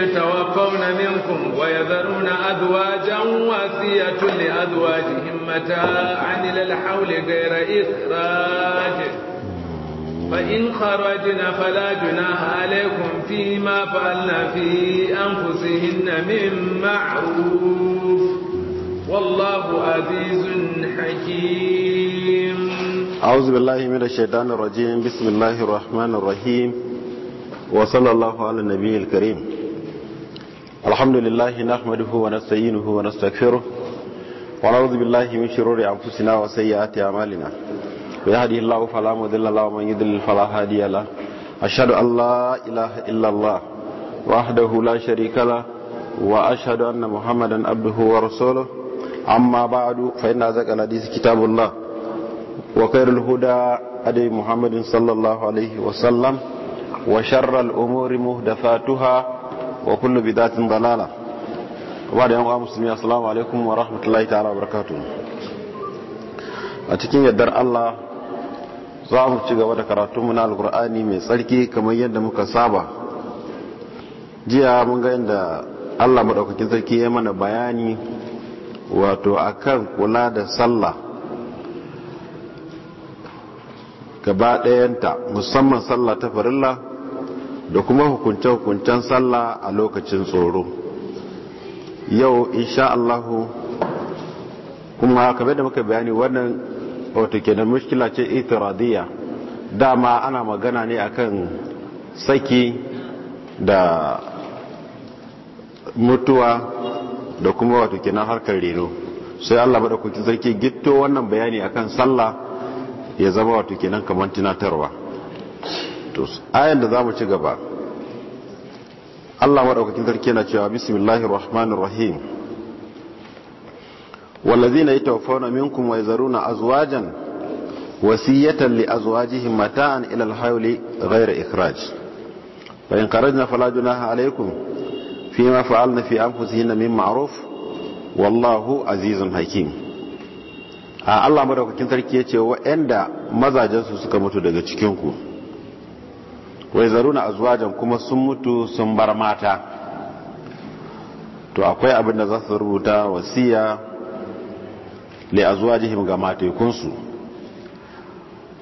يتوفون منكم ويذرون أزواجا واسية لأزواجهم متاعا إلى الحول غير إخراج فإن خرجنا فلا جناح عليكم فيما فعلنا في أنفسهن من معروف والله عزيز حكيم أعوذ بالله من الشيطان الرجيم بسم الله الرحمن الرحيم وصلى الله على النبي الكريم الحمد لله نحمده ونستعينه ونستغفره ونعوذ بالله من شرور أنفسنا وسيئات أعمالنا ويهدي الله فلا مضل له ومن يضلل فلا هادي له أشهد أن لا إله إلا الله وحده لا شريك له وأشهد أن محمدا عبده ورسوله أما بعد فإن أزكى الحديث كتاب الله وخير الهدى هدي محمد صلى الله عليه وسلم وشر الأمور مهدفاتها wa kullu bidatin dalala wa da yan uwa musulmi assalamu alaikum wa rahmatullahi ta'ala wa barakatuh a cikin yardar Allah za mu ci gaba da karatu mu na alqur'ani mai tsarki kamar yadda muka saba jiya mun ga yadda Allah madaukakin sarki ya mana bayani wato akan kula da sallah gaba ɗayanta musamman sallah ta farilla da kuma hukunce-hukuncen sallah a lokacin tsoro yau insha Allahu kuma kamar da muka bayani wannan wato ke da mushkila ce itiradiyya dama ana magana ne akan saki da mutuwa da kuma wato na harkar reno sai Allah madaukakin sarki gito wannan bayani akan sallah ya zama wato nan kamar tunatarwa Titus ayan da zamu ci gaba Allah madaukakin sarki yana cewa bismillahir rahmanir rahim yi yatawaffawna minkum wa yazaruna azwajan wasiyatan li azwajihim mata'an ila al-hayl ghayra ikhraj fa in kharajna fala junaha alaykum fima fa'alna fi anfusihim min ma'ruf wallahu azizun hakim a Allah madaukakin sarki yace wa'anda mazajansu suka mutu daga cikin ku wai zaruna azwajan kuma sun mutu sun bar mata to akwai abinda za su rubuta wasiya li azwajihim ga matekunsu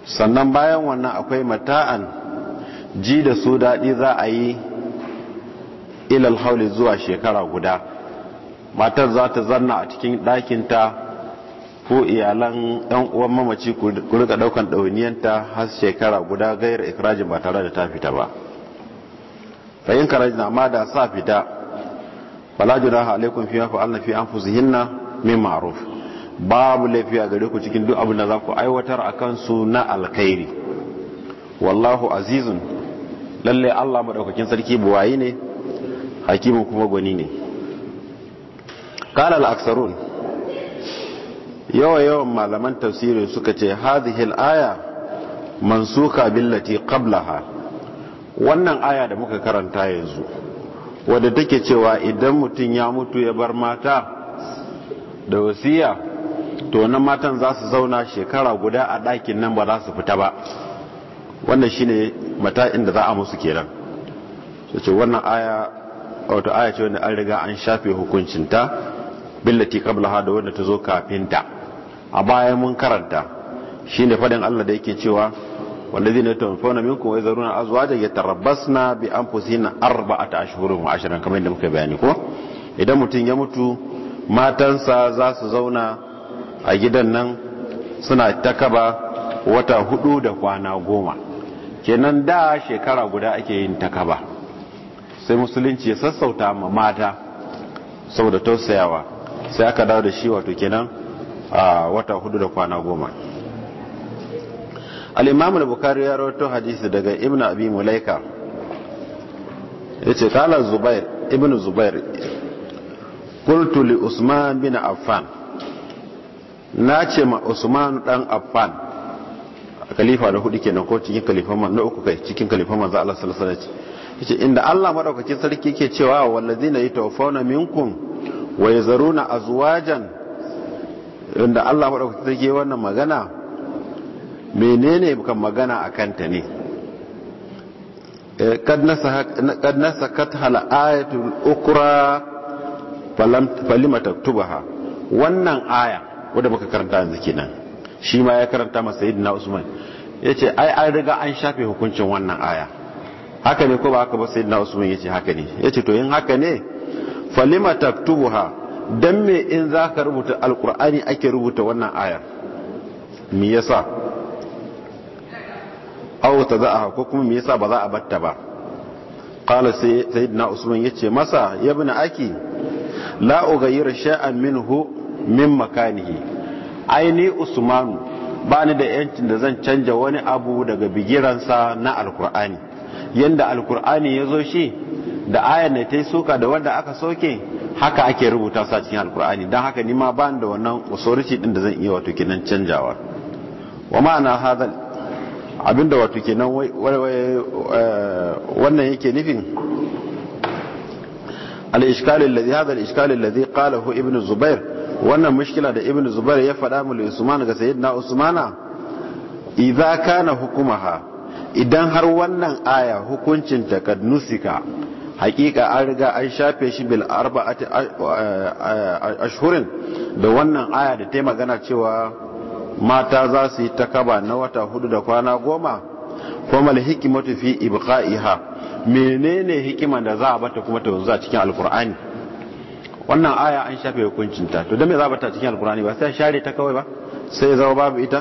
sannan bayan wannan akwai mata'an ji da su daɗi za a yi ilal hauli zuwa shekara guda matar za ta zanna a cikin ɗakinta ko iyalan yan uwan mamaci ku rika daukan ɗawainiyanta har shekara guda gayar ikirajin ba tare da ta fita ba fayin karajin amma da sa fita fala junaha alaikum fi fa'alna fi hinna min ma'ruf babu laifi a gare ku cikin duk abin da za ku aiwatar a kansu na alkhairi wallahu azizun lalle Allah maɗaukakin sarki buwayi ne hakimin kuma gwani ne qala al-aksarun yawa yawan malaman tafsiri suka ce hadihil aya mansuka billati ha, wannan aya da muka karanta yanzu wadda take cewa idan mutum ya mutu ya bar mata da wasiya to nan matan za su zauna shekara guda a ɗakin nan ba za su fita ba wannan shine mata'in da za a musu kenan su wannan aya wata aya ce wanda an riga an shafe hukuncinta billati qablaha da wanda ta zo kafinta a baya mun karanta shine fadin Allah da yake cewa wa يتوفون azwaja yatarabbasna bi anfusina arba'ata ashhurin wa ashran kamar yadda muka bayani ko idan mutum ya mutu matansa za su zauna a gidan nan suna takaba wata hudu da kwana goma kenan da shekara guda ake yin takaba sai musulunci ya sassauta ma mata saboda tausayawa sai aka dawo da shi wato kenan a wata hudu da kwana goma al-imam al-bukhari ya roto hadisi daga ibn abi mulaika yace kala zubair ibn zubair qultu li usman bin affan na ce ma usman dan affan khalifa na hudu kenan ko cikin man na uku kai cikin khalifan manzo Allah sallallahu alaihi wasallam ce inda Allah madaukakin sarki yake cewa wallazina yatawaffawna minkum wa a zuwajen inda Allah ta take wannan magana menene kan magana a kanta ne eh, kad kat hala ayatul ukra falima taktubaha wannan aya wadda muka karanta yanzu kenan shi ma ya karanta masa sayyidina usman Ya ce ai an riga an shafe hukuncin wannan aya haka ne ko ba haka ba sayyidina usman ya ce haka ne Ya ce to in haka ne falima taktubuha dan me in zaka rubuta alqur'ani ake rubuta wannan ayar me yasa aw tadaha ko kuma me yasa ba za a batta ba qala sayyidina usman yace masa ibn aki la ughayyira sha'an minhu min makanihi aini usmanu bani da yancin da zan canja wani abu daga bigiransa na alqur'ani yanda alkur'ani ya zo shi da ayar da ta yi suka da wanda aka soke haka ake rubuta su a cikin alkur'ani don haka nima ba da wannan usorci din da zan iya wato kenan canjawa wa ma'ana hadal abinda wato kenan eh, wannan yake nufin al-ishkal alladhi hadha al-ishkal alladhi qalahu ibnu zubair wannan mushkila da ibnu zubair ya faɗa mu usman ga sayyidina usmana idza kana hukumaha idan har wannan aya hukuncin ta kad nusika hakika an riga an shafe shi bil arba'ati ashhurin da wannan aya da ta magana cewa mata za su yi takaba na wata hudu da kwana goma kuma hikmatu fi ibqa'iha menene hikima da za a bata kuma ta zuwa cikin alkur'ani wannan aya an shafe hukuncin ta to dan me za a bata cikin alkur'ani ba sai share ta kawai ba sai ya zama babu ita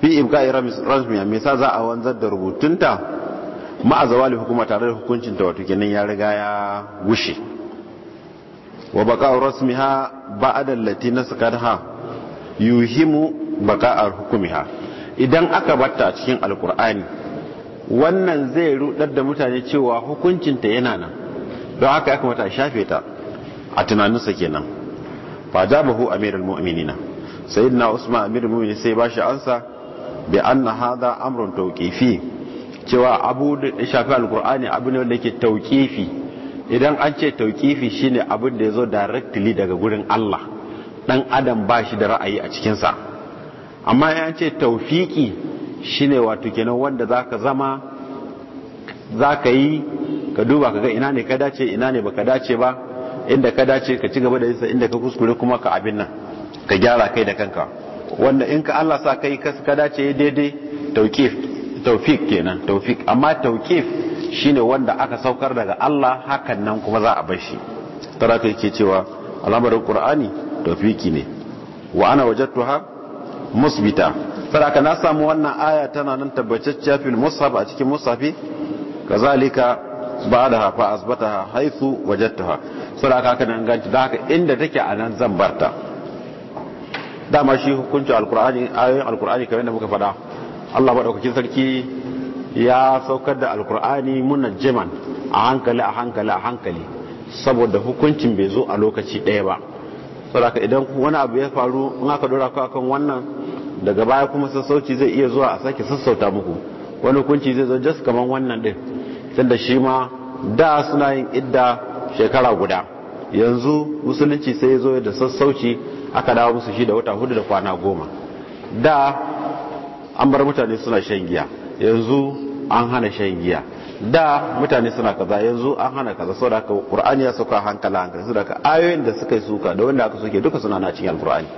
fi ibqa'i rasmiya me sa za a wanzar da rubutunta ma'a zawali hukuma tare da hukuncin ta wato kenan ya riga ya gushe wa baka rasmiha ba'da allati nasakadha yuhimu baka'ar hukumiha idan aka batta a cikin alkur'ani wannan zai rudar da mutane cewa hukuncin ta yana nan don haka ya kamata a shafe ta a tunaninsa kenan fa jabahu amirul mu'minina sayyidina usman amirul mu'minin sai bashi ansa bi anna hadha amrun tawqifi cewa abu da shafi alkur'ani abu ne wanda yake tauƙifi idan an ce tauƙifi shine abin da ya zo directly daga gurin Allah ɗan adam ba shi da ra'ayi a cikinsa amma ya ce taufiki shine wato kenan wanda za ka zama za ka yi ka duba ka ga ina ne ka dace ina ne ba ka dace ba inda ka dace ka ci gaba da yinsa inda ka kuskure kuma ka abin nan ka gyara kai da kanka wanda in ka Allah sa kai ka dace daidai tauƙif taufik kenan taufik amma taukif shine wanda aka saukar daga Allah hakan nan kuma za a bar shi tara yake ke cewa al'amarin qur'ani taufiki ne wa ana wajadtuha musbita saboda na samu wannan aya tana nan tabbacacciya fil mushaf a cikin mushafi kazalika ha fa asbataha haythu wajadtaha saboda haka nan ganci da haka inda take a nan zan barta dama shi hukuncin alqur'ani ayoyin alqur'ani kamar yadda muka faɗa Allah maɗaukakin sarki ya saukar da alkur'ani jiman a hankali a hankali a hankali saboda hukuncin bai zo a lokaci ɗaya ba saboda idan wani abu ya faru in aka dora ku akan wannan daga baya kuma sassauci zai iya zuwa a sake sassauta muku wani hukunci zai zo jas kamar wannan din tunda shi ma da suna yin idda shekara guda yanzu musulunci sai ya zo da sassauci aka dawo musu shi da wata hudu da kwana goma da an bar mutane suna shan giya yanzu an hana shan giya da mutane suna kaza yanzu an hana kaza saboda haka qur'ani ya sauka hankala hankali saboda haka ayoyin da suka suka da wanda aka soke duka suna na cikin alqur'ani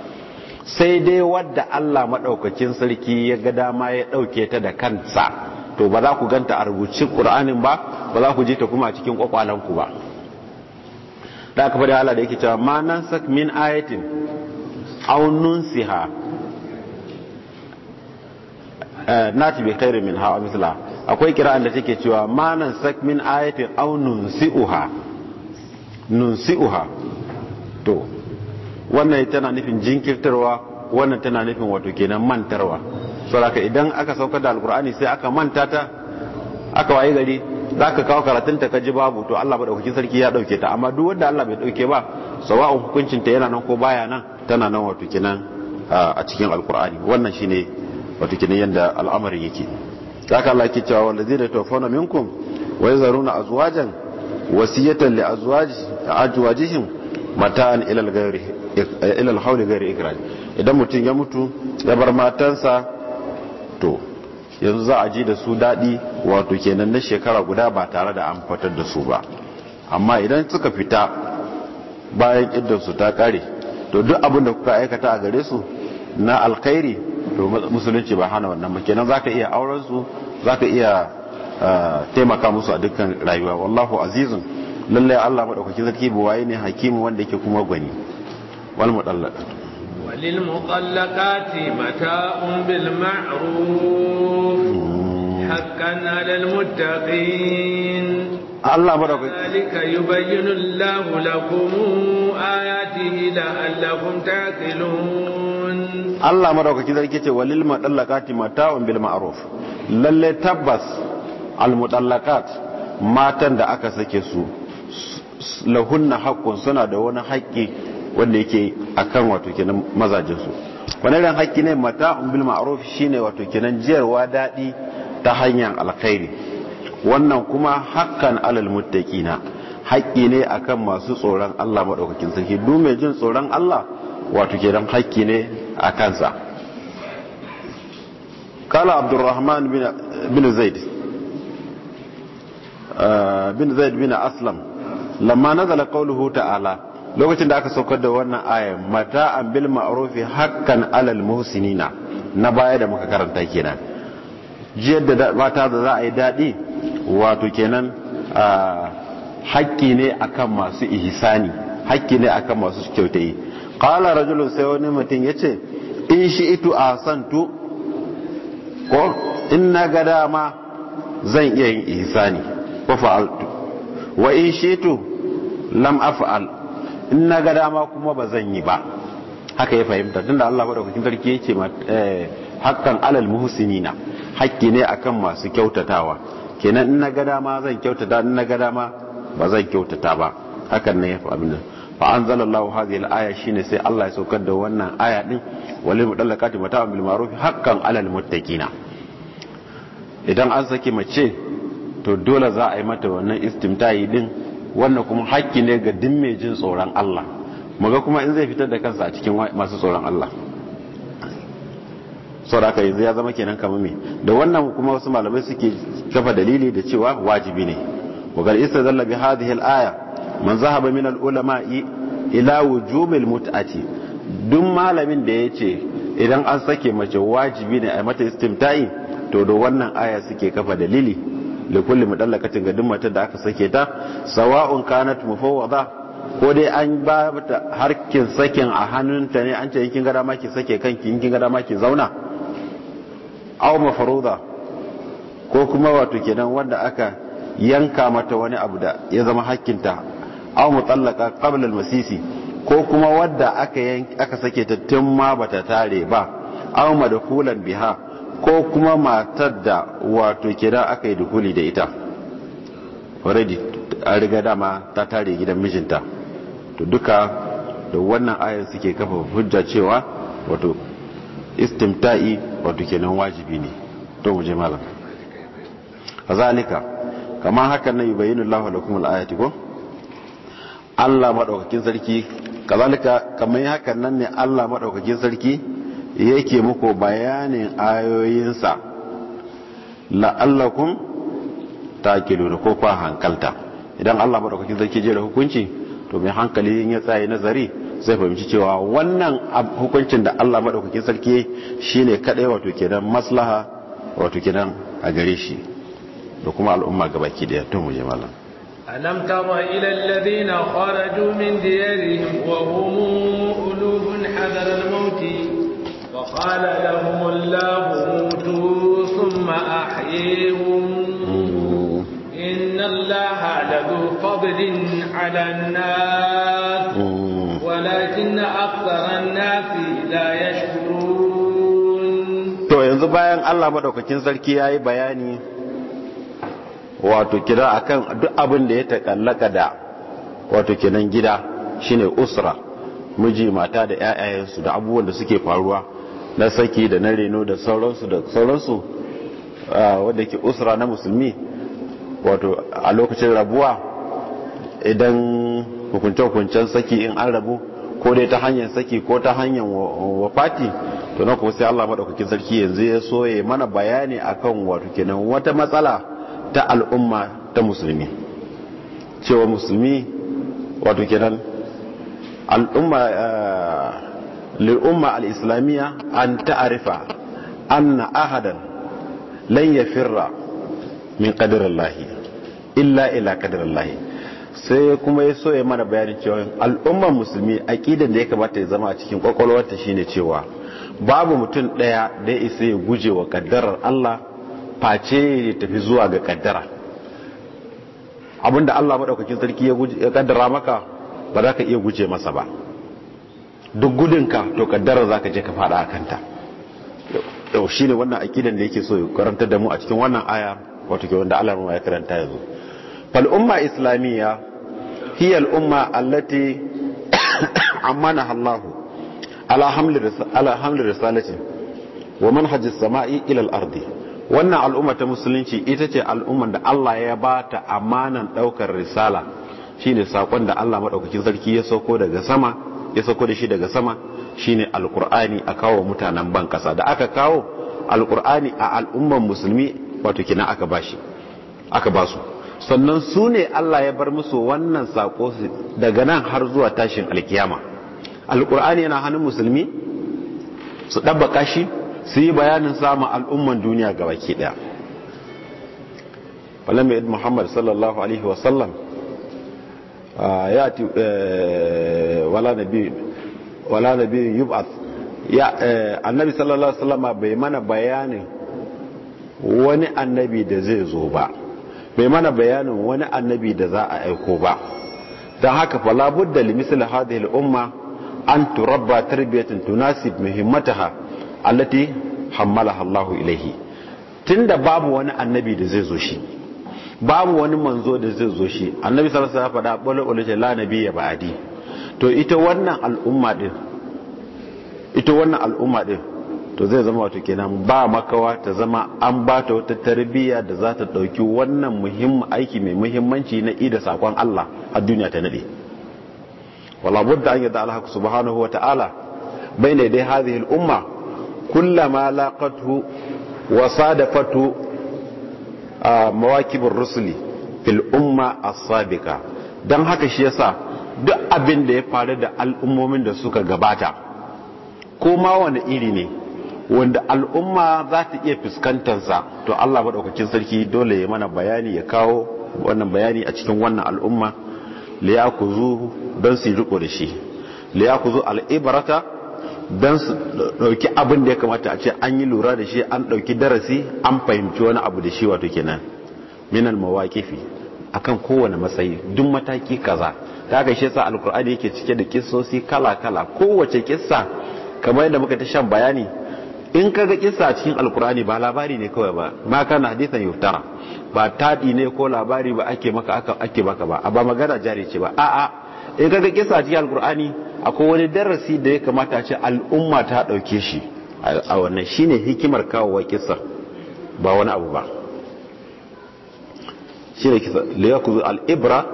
sai dai wadda Allah madaukakin sarki ya ga dama ya ɗauke ta da kansa to ba za ku ganta a rubucin qur'anin ba ba za ku ji ta kuma a cikin kwakwalanku ba da aka faɗi Allah da yake cewa ma nan sak min ayatin aw siha. Eh, nati bi khairin min ha amsala akwai kira'an da take cewa manan sak min ayatin aw nunsi'uha nunsi'uha to wannan tana nufin jinkirtarwa wannan tana nufin wato kenan mantarwa saboda idan aka sauka da alkur'ani sai aka manta ta aka waye gari zaka kawo karatun ta kaji babu to Allah madaukakin sarki ya dauke ta amma duk wanda Allah bai dauke ba sawa'un hukuncin ta yana nan ko baya nan tana nan wato kenan ah, a cikin alkur'ani wannan shine wato yanda yadda al'amarin yake ta ka Allah ke cewa wanda zai da tofona minkum wa ya zaruna azwajan wasiyatan li azwajihim mata'an ila al-ghairi ila al-hawl ghairi ikraj idan mutum ya mutu ya bar matansa to yanzu za a ji da su daɗi wato kenan na shekara guda ba tare da an fatar da su ba amma idan suka fita bayan su ta kare to duk abin da kuka aikata a gare su na alkhairi to musulunci ba hana wannan ba kenan zaka iya auren su zaka iya ah, taimaka musu a dukkan rayuwa wallahu azizun lallai Allah madaukaki zaki buwaye ne hakimu wanda yake kuma gwani wal mudallaqat walil muqallaqati mata'un bil ma'ruf hmm. haqqan 'alal muttaqin Allah madaukaki zalika yubayyinu Allahu lakum ayatihi la'allakum taqilun Allah madaukaki zarki ce walil madallaqati mata'un bil ma'ruf lalle tabbas al mudallaqat matan da aka sake su lahunna haqqun suna da wani haƙƙi wanda yake akan wato kenan mazajin su wani ran haƙƙi ne mata'un bil ma'ruf shine wato kenan jiyarwa dadi ta hanyar alkhairi wannan kuma haqqan alal muttaqina haƙƙi ne akan masu tsoron Allah madaukakin sarki duk mai jin tsoron Allah wato kenan hakki ne a kansa kala abdurrahman bin zaid ah, bin zaid bin aslam lamma nazala qawluhu ta'ala lokacin da aka saukar da wannan aya mata an bil ma'rufi hakan alal muhsinina na baya da muka karanta kenan jiyar da mata da za a yi daɗi wato kenan ah, hakki ne akan masu ihsani hakki ne akan masu kyautai. qala rajulun sai wani mutum ya ce, in shi itu tu, ko in na ga dama zan iya yin ihsani ko fa'altu wa in shi itu lam af'al in na ga dama kuma ba zan yi ba haka ya fahimta tunda Allah madaukakin sarki yake eh, hakkan alal muhsinina hakki ne akan masu kyautatawa kenan in na ga dama zan kyautata in na ga dama ba zan kyautata ba hakan ne ya fi nan fa anzalallahu hadhihi al-aya shine sai Allah ya saukar da wannan aya din walil mudallaqati mata'an bil ma'ruf haqqan 'alal muttaqina idan an saki mace to dole za a yi mata wannan istimta'i din wannan kuma hakki ne ga duk mai jin tsoron Allah muga kuma in zai fitar da kansa a cikin masu tsoron Allah saboda yanzu ya zama kenan kamar me da wannan kuma wasu malamai suke kafa dalili da cewa wajibi ne wa gal istadalla bi hadhihi al-aya man zahaba min al-ulama ila wujubil mut'ati duk malamin da yace idan an sake mace wajibi ne a mata istimta'i to da wannan aya suke kafa dalili li kulli mudallakatin ga duk matar da aka sake ta sawa'un kanat mufawwada ko dai an ba ta harkin sakin a hannunta ne an ce kin ga dama ki sake kanki kin ga dama ki zauna aw mafruda ko kuma wato kenan wanda aka yanka mata wani abu da ya zama hakkinta aw mutallaka qabla al masisi ko kuma wadda aka aka sake ta tun ma bata tare ba aw madkhulan biha ko kuma matar da wato kira aka yi dukuli da ita already an riga dama ta tare gidan mijinta to duka da wannan ayar suke kafa hujja cewa wato istimta'i wato kenan wajibi ne to mu je malam kazalika kamar haka nan yubayinu Allahu lakum al-ayati ko Allah maɗaukakin sarki kazalika kamar hakan nan ne Allah maɗaukakin sarki yake muku bayanin ayoyinsa la'allakun ta taqilun ko kwa hankalta idan Allah maɗaukakin sarki je da hukunci to mai hankali ya tsaye nazari zai fahimci cewa wannan hukuncin da Allah maɗaukakin sarki shi ne kaɗai wato kenan maslaha wato kenan a gare shi da kuma al'umma gabaki baki tun mu je ألم تر إلى الذين خرجوا من ديارهم وهم ألوب حذر الموت وقال لهم الله موتوا ثم أحييهم إن الله لذو فضل على الناس ولكن أكثر الناس لا يشكرون to yanzu bayan Allah madaukakin sarki yayi bayani wato kira akan duk abin da ya takallaka da wato kenan gida shine usra miji mata da ƴaƴayensu da abubuwan da suke faruwa na saki da na reno da sauransu da sauransu wadda ke usra na musulmi wato a lokacin rabuwa idan hukunce-hukuncen saki in an rabu ko dai ta hanyar saki ko ta hanyar wafati to na kuma sai Allah maɗaukakin sarki yanzu ya soye mana bayani akan wato kenan wata matsala ta al'umma ta musulmi cewa musulmi wato kenan al'umma eh, lil'umma al'islamiyya an ta'arifa anna ahadan lan yafirra min qadarillahi illa ila qadarillahi sai kuma ya so ya mana bayani cewa al'umman musulmi aqidan da ya kamata ya zama a cikin kwakwalwarta shine cewa babu mutum daya da ya isa ya guje wa qaddarar Allah face ya tafi zuwa ga kaddara abinda Allah maɗaukakin sarki ya kaddara maka ba za ka iya guje masa ba duk gudunka to kaddara za ka je ka fada a kanta yau shi ne wannan akidan da yake so ya karanta da mu a cikin wannan aya wato ke wanda Allah ya karanta yanzu zo. islamiyya hiya al'umma allati amana Allah ala hamli risalati wa manhajis samai ilal al-ardi wannan al'umma ta musulunci ita ce al'umman da Allah ya ba ta amanan ɗaukar risala shine sakon da Allah maɗaukacin sarki ya sauko daga sama ya sauko da shi daga sama shine ƙurani a kawo mutanen ban kasa da aka kawo Al-Ƙur'ani a al'umman musulmi wato kina aka bashi aka ba su sannan su ne Allah ya bar musu wannan sako daga nan har zuwa tashin alkiyama alkur'ani yana hannun musulmi su ɗabbaka shi su yi bayanin samun al'umman duniya ga baki daya falamma yadda muhammad sallallahu alaihi wasallam ya ti e, wala biyu yub'ath ya e, annabi sallallahu alaihi wasallam bai mana bayanin wani annabi da zai zo ba bai mana bayanin wani annabi da za a aiko ba don haka falabudda limisal hadhihi al-umma an turabba tarbiyatin tunasib muhimmataha allati hammalaha Allahu ilaihi tunda babu wani annabi da zai zo shi babu wani manzo da zai zo shi annabi sallallahu alaihi wasallam ya faɗa ɓole ce la nabiyya ba'adi to ita wannan al'umma din ita wannan al'umma din to zai zama wato kenan ba makawa ta zama an ba ta wata tarbiyya da za ta ɗauki wannan muhimmin aiki mai muhimmanci na ida sakon Allah a duniya ta nade wala budda an yadda Allah subhanahu wa ta'ala bayna dai hadhihi al'umma ma laqathu wa sadafatu mawakibur rusuli fil umma as-sabiqa dan haka shi yasa duk abin da ya faru da al'ummomin da suka gabata ko ma wani iri ne wanda al'umma za ta iya fuskantarsa to Allah maɗaukakin sarki dole ya mana bayani ya kawo wannan bayani a cikin wannan al'umma liya ku zu su riko da shi liya al'ibarata don su dauki abin da ya kamata a ce an yi lura da shi an dauki darasi an fahimci wani abu da shi wato kenan minal mawaqifi akan kowane matsayi duk mataki kaza ta haka shi yasa alkur'ani yake cike da kissosi kala kala kowace kissa kamar yadda muka ta shan bayani in kaga kissa a cikin alkur'ani ba labari ne kawai ba ma kana hadithan yuftara ba taɗi ne ko labari ba ake maka ba ake maka ba ba magana jari ce ba a'a in ga kisa ji alkur'ani akwai wani darasi da ya kamata ce al'umma ta dauke shi a wannan shine hikimar kawowa kisa ba wani abu ba shine kisa la yakuzu al-ibra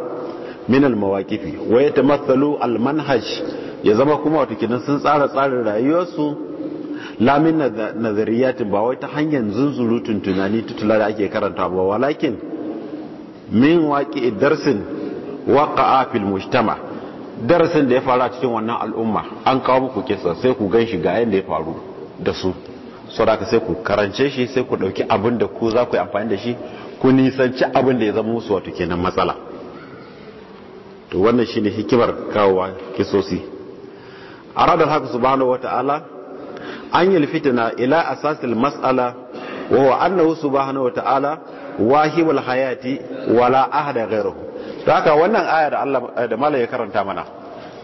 min al-mawaqifi wa yatamathalu al-manhaj ya zama kuma wato kidan sun tsara tsarin rayuwarsu lamin nazariyatin ba wai ta hanyar zunzurutun tunani tutula da ake karanta ba walakin min waqi darsin waqa'a fil mujtama' darasin da ya faru a cikin wannan al'umma an kawo muku kisa sai ku gan shi ga yadda ya faru da su saboda sai ku karance shi sai ku ɗauki abin da ku za ku yi amfani da shi ku nisanci abin da ya zama musu wato kenan matsala to wannan shine hikimar kawowa kisosi arada haka subhanahu wata'ala an yi fitina ila asasil mas'ala wa huwa annahu subhanahu wata'ala wahibul hayati wala ahada ghayruhu da haka wannan aya da Allah da ya karanta mana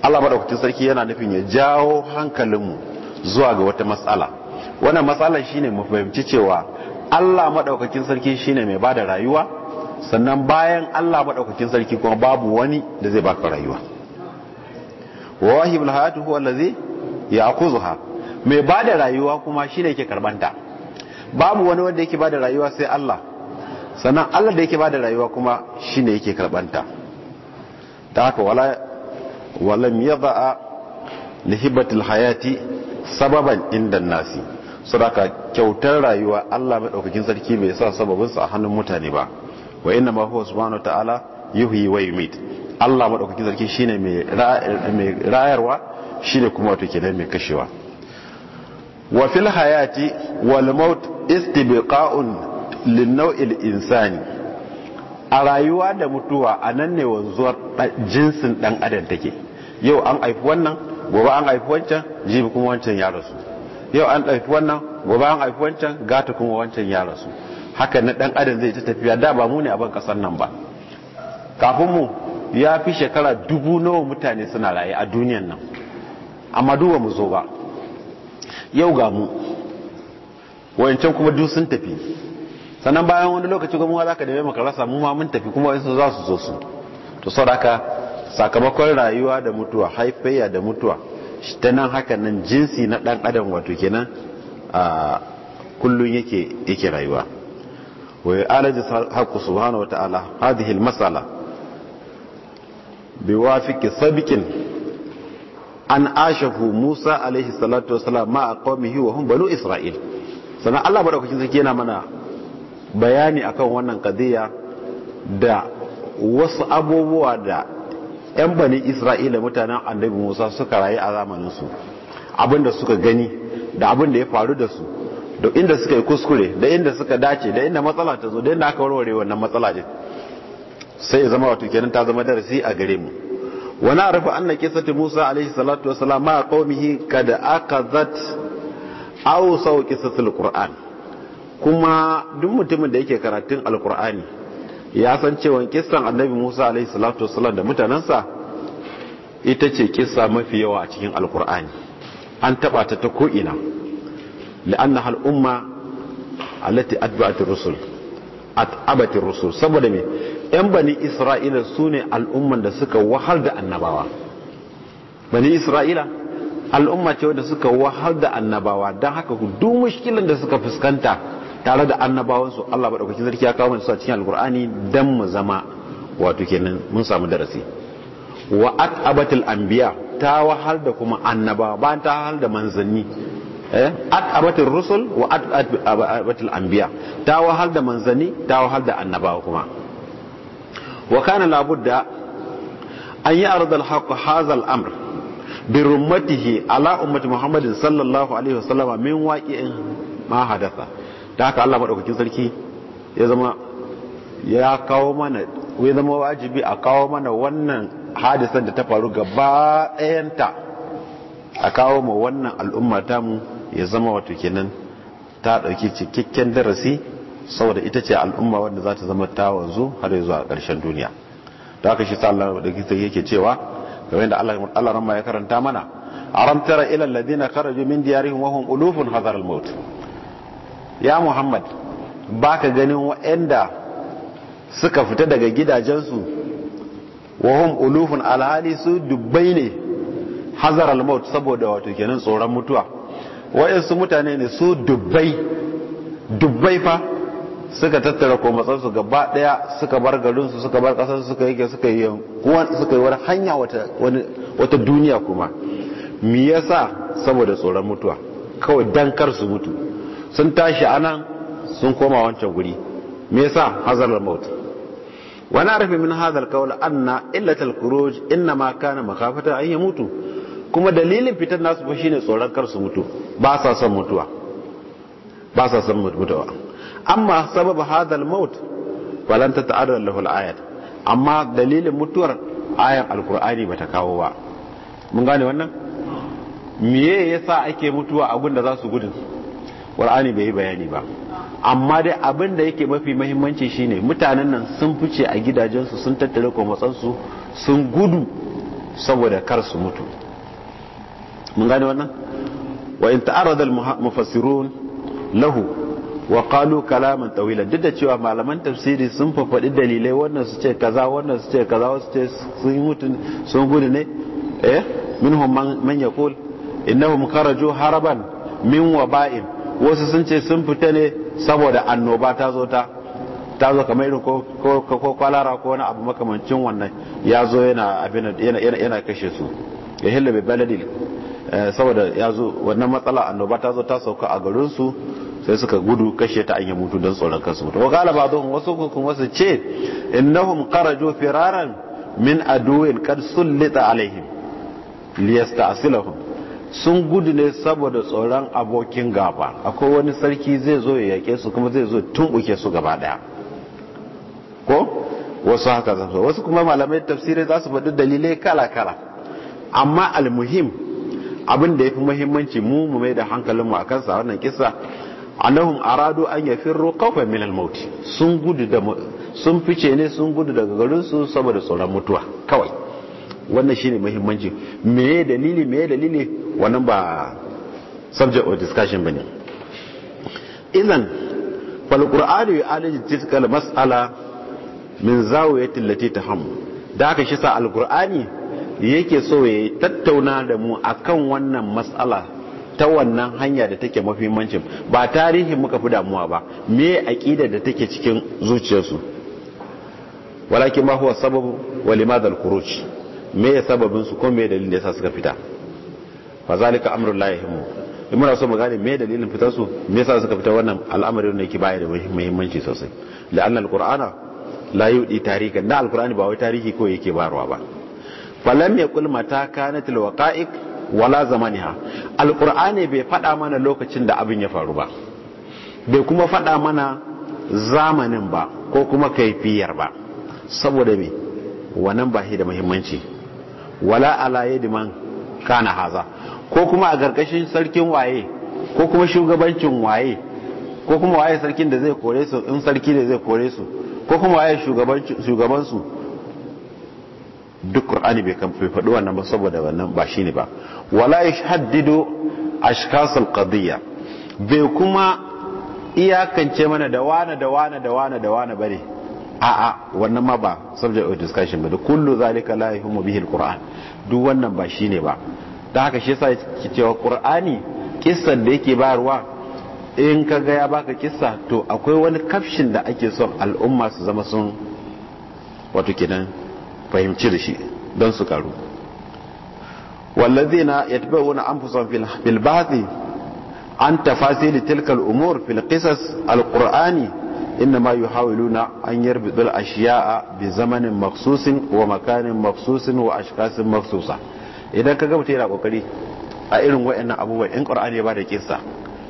Allah madaukakin sarki yana nufin ya jawo hankalinmu zuwa ga wata matsala wannan matsalar shine mu fahimci cewa Allah madaukakin sarki shine mai bada rayuwa sannan bayan Allah madaukakin sarki kuma babu wani da zai baka rayuwa wa wahibul hayatu huwa allazi mai bada rayuwa kuma shine yake karbanta babu wani wanda yake bada rayuwa sai Allah sannan Allah da yake ba da rayuwa kuma shine yake karbanta ta haka wala walam a lihibatul hayati sababan inda nasi sadaka kyautar rayuwa Allah daukakin sarki bai sa sababin sa a hannun mutane ba wa inna ma huwa subhanahu ta'ala yuhyi wa yumit Allah daukakin sarki shine mai rayarwa shine kuma wato kenan mai kashewa wa fil hayati wal maut istibqa'un linnau'il insani a rayuwa da mutuwa a nan ne wanzuwar jinsin dan adam take yau an haifi wannan gobe an haifi wancan jibi kuma wancan ya rasu yau an haifi wannan gobe an haifi wancan gata kuma wancan ya rasu haka na dan adam zai ta tafiya da ba mu ne a ban kasar nan ba kafin mu ya fi shekara dubu nawa mutane suna raye a duniyan nan amma duba mu zo ba yau ga mu wancan kuma duk sun tafi sannan bayan wani lokaci kuma za ka da maka rasa mu ma mun tafi kuma wasu za su zo su to sadaka sakamakon rayuwa da mutuwa haifayya da mutuwa shi ta nan haka nan jinsi na dan adam wato kenan a kullun yake yake rayuwa wa alaji haqqu subhanahu wataala hadhihi almas'ala biwafiqi sabiqin an ashahu Musa alaihi salatu wasalam ma qaumihi wa hum banu Isra'il sannan Allah madaukakin sarki yana mana bayani akan wannan kadiya da wasu abubuwa da 'yan bani isra'ila mutanen annabi musa suka rayu a zamaninsu abinda suka gani da abinda ya faru da su da inda suka yi kuskure da inda suka dace da inda matsala ta zo da inda aka warware wannan matsala ce sai ya zama wato kenan ta zama darasi a gare mu wani arafa kisa ta musa alaihi salatu wasalam ma aka akazat wasu saw qisatul qur'an kuma duk mutumin da yake karatun alkur'ani ya san cewa kissan annabi musa alaihi salatu wasalam da mutanensa ita ce kissa mafi yawa a cikin alkur'ani an taba ta ta ko'ina la'anna al'umma allati atba'at rusul at'abat rusul saboda me yan bani isra'ila sune al'umman da suka wahal da annabawa bani isra'ila al'umma ce da suka wahal da annabawa don haka duk mushkilan da suka fuskanta tare da annabawansu Allah maɗaukakin sarki ya kawo su a cikin alkur'ani dan mu zama wato kenan mun samu darasi wa at aqabatul anbiya ta wahal da kuma annaba ba ta wahal da manzanni eh aqabatul rusul wa aqabatul anbiya ta wahal da manzanni ta wahal da annabawa kuma wa kana labudda an yi arzal haqq hazal amr bi rummatihi ala ummati muhammadin sallallahu alaihi wasallama min waqi'in ma hadatha da haka Allah madaukakin sarki ya zama ya kawo mana ya zama wajibi a kawo mana wannan hadisan da ta faru gaba ɗayanta a kawo ma wannan al'umma tamu ya zama wato kenan ta ɗauki cikakken darasi saboda ita ce al'umma wanda za ta zama ta wanzu har yanzu a ƙarshen duniya da haka shi sa Allah madaukakin sarki yake cewa game da Allah ramma ya karanta mana aram tara ila alladhina kharaju min diyarihim wa hum ulufun hadar al-maut ya muhammad ba ka ganin waɗanda suka fita daga gidajensu wahum ulufin alhali su dubbai ne hazar almaut saboda wato kenan tsoron mutuwa waɗansu mutane ne su dubbai dubbai fa suka tattara ko komatsansu gaba ɗaya suka bar garinsu suka bar kasar suka yake suka yi wani hanya wata duniya kuma me yasa saboda tsoron mutuwa kawai dan kar su mutu sun tashi nan sun koma wancan guri me yasa hazal maut wa na'rif min hadha al-qawl anna illat al-khuruj ma kana makhafata an yamutu kuma dalilin fitar nasu fa shine tsoron kar su mutu ba sa son mutuwa ba sa son mutuwa amma sabab hadha al-maut falan tata'arrad lahu al-ayat amma dalilin mutuwar ayar al-qur'ani bata kawo ba mun gane wannan me yasa ake mutuwa a gunda za su gudun qur'ani bai yi bayani ba amma dai abin da yake mafi mahimmanci shine mutanen nan sun fice a gidajensu sun tattare kwamatsansu sun gudu saboda kar su mutu mun gane wannan wa in ta'arada al-mufassirun lahu wa qalu kalaman tawila duk da cewa malaman tafsiri sun faɗi dalilai wannan su ce kaza wannan su ce kaza wasu ce sun yi mutun sun gudu ne eh minhum man yaqul innahum kharaju haraban min waba'in wasu sun ce sun fita ne saboda annoba ta zo ta ta zo kamar irin ko kwalara ko wani abu makamancin wannan ya zo yana abin yana kashe su ya hila bai baladi eh, saboda ya zo wannan matsala annoba ta zo ta sauka a garin su sai suka gudu kashe ta anya mutu don tsoron kansu mutu wa kala zo wasu hukum wasu ce innahum kharaju firaran min aduwin qad sullita alaihim liyasta'silahum sun gudu ne saboda tsoron abokin gaba akwai wani sarki zai zo ya yake su kuma zai zo tumbuke su gaba daya ko wasu haka zafi wasu kuma malamai tafsirai za su faɗi dalilai kala-kala amma almuhim abin da ya fi muhimmanci mu mu mai da hankalinmu a kansa wannan kisa annahum aradu an ya khawfan min al sun gudu sun fice ne sun gudu daga garinsu saboda tsoron mutuwa kawai wannan shi shine muhimmanci meye dalili meye dalili wannan ba subject of discussion ba ne, izan falkur'ani ya ya'laji tilkal mas'ala min zawiyati ta hamu da aka shi sa alkur'ani yake so ya tattauna da mu akan wannan mas'ala ta wannan hanya da take mahimmanci ba tarihin muka fi damuwa ba me aƙida da take cikin zuciyarsu walakin ma huwa sababu wa kuroci me ya sababin su ko me dalilin da yasa suka fita fa zalika amrul lahi mu in muna so mu gane me dalilin fitar su me yasa suka fita wannan al'amari ne yake bayar da muhimmanci sosai anna alqur'ana la yudi tarikan da alqur'ani ba wai tarihi ko yake barwa ba falam yaqul mata kanat alwaqa'iq wala zamaniha alqur'ani bai fada mana lokacin da abin ya faru ba bai kuma fada mana zamanin ba ko kuma kaifiyar ba saboda me wannan ba shi da muhimmanci wala ala yadi man kana haza ko kuma a gargashin sarkin waye ko kuma shugabancin waye ko kuma waye sarkin da zai kore su in sarki da zai kore su ko kuma waye shugaban su duk qur'ani bai kan faɗi wannan ba saboda wannan ba shine ba wala yashaddidu ashkas alqadiyya bai kuma iyakance mana da wane da wane da wane da wane bane a'a wannan ma ba subject of discussion ba da kullu zalika la yahumu bihi alquran duk wannan ba shine ba dan haka shi yasa ki cewa qur'ani kissan da yake bayarwa in ka ga ya baka kissa to akwai wani kafshin da ake son al'umma su zama sun wato kenan fahimci da shi don su karu wallazina yatbawuna anfusahum fil fil ba'thi an tafasili tilka al umur fil qisas al inna ma yuhawiluna an yarbidul ashiya'a bi zamanin maksusin wa makanin maksusin wa ashkasin maksusa idan ka ga mutum yana kokari a irin wayannan abubuwan in qur'ani ya bada kissa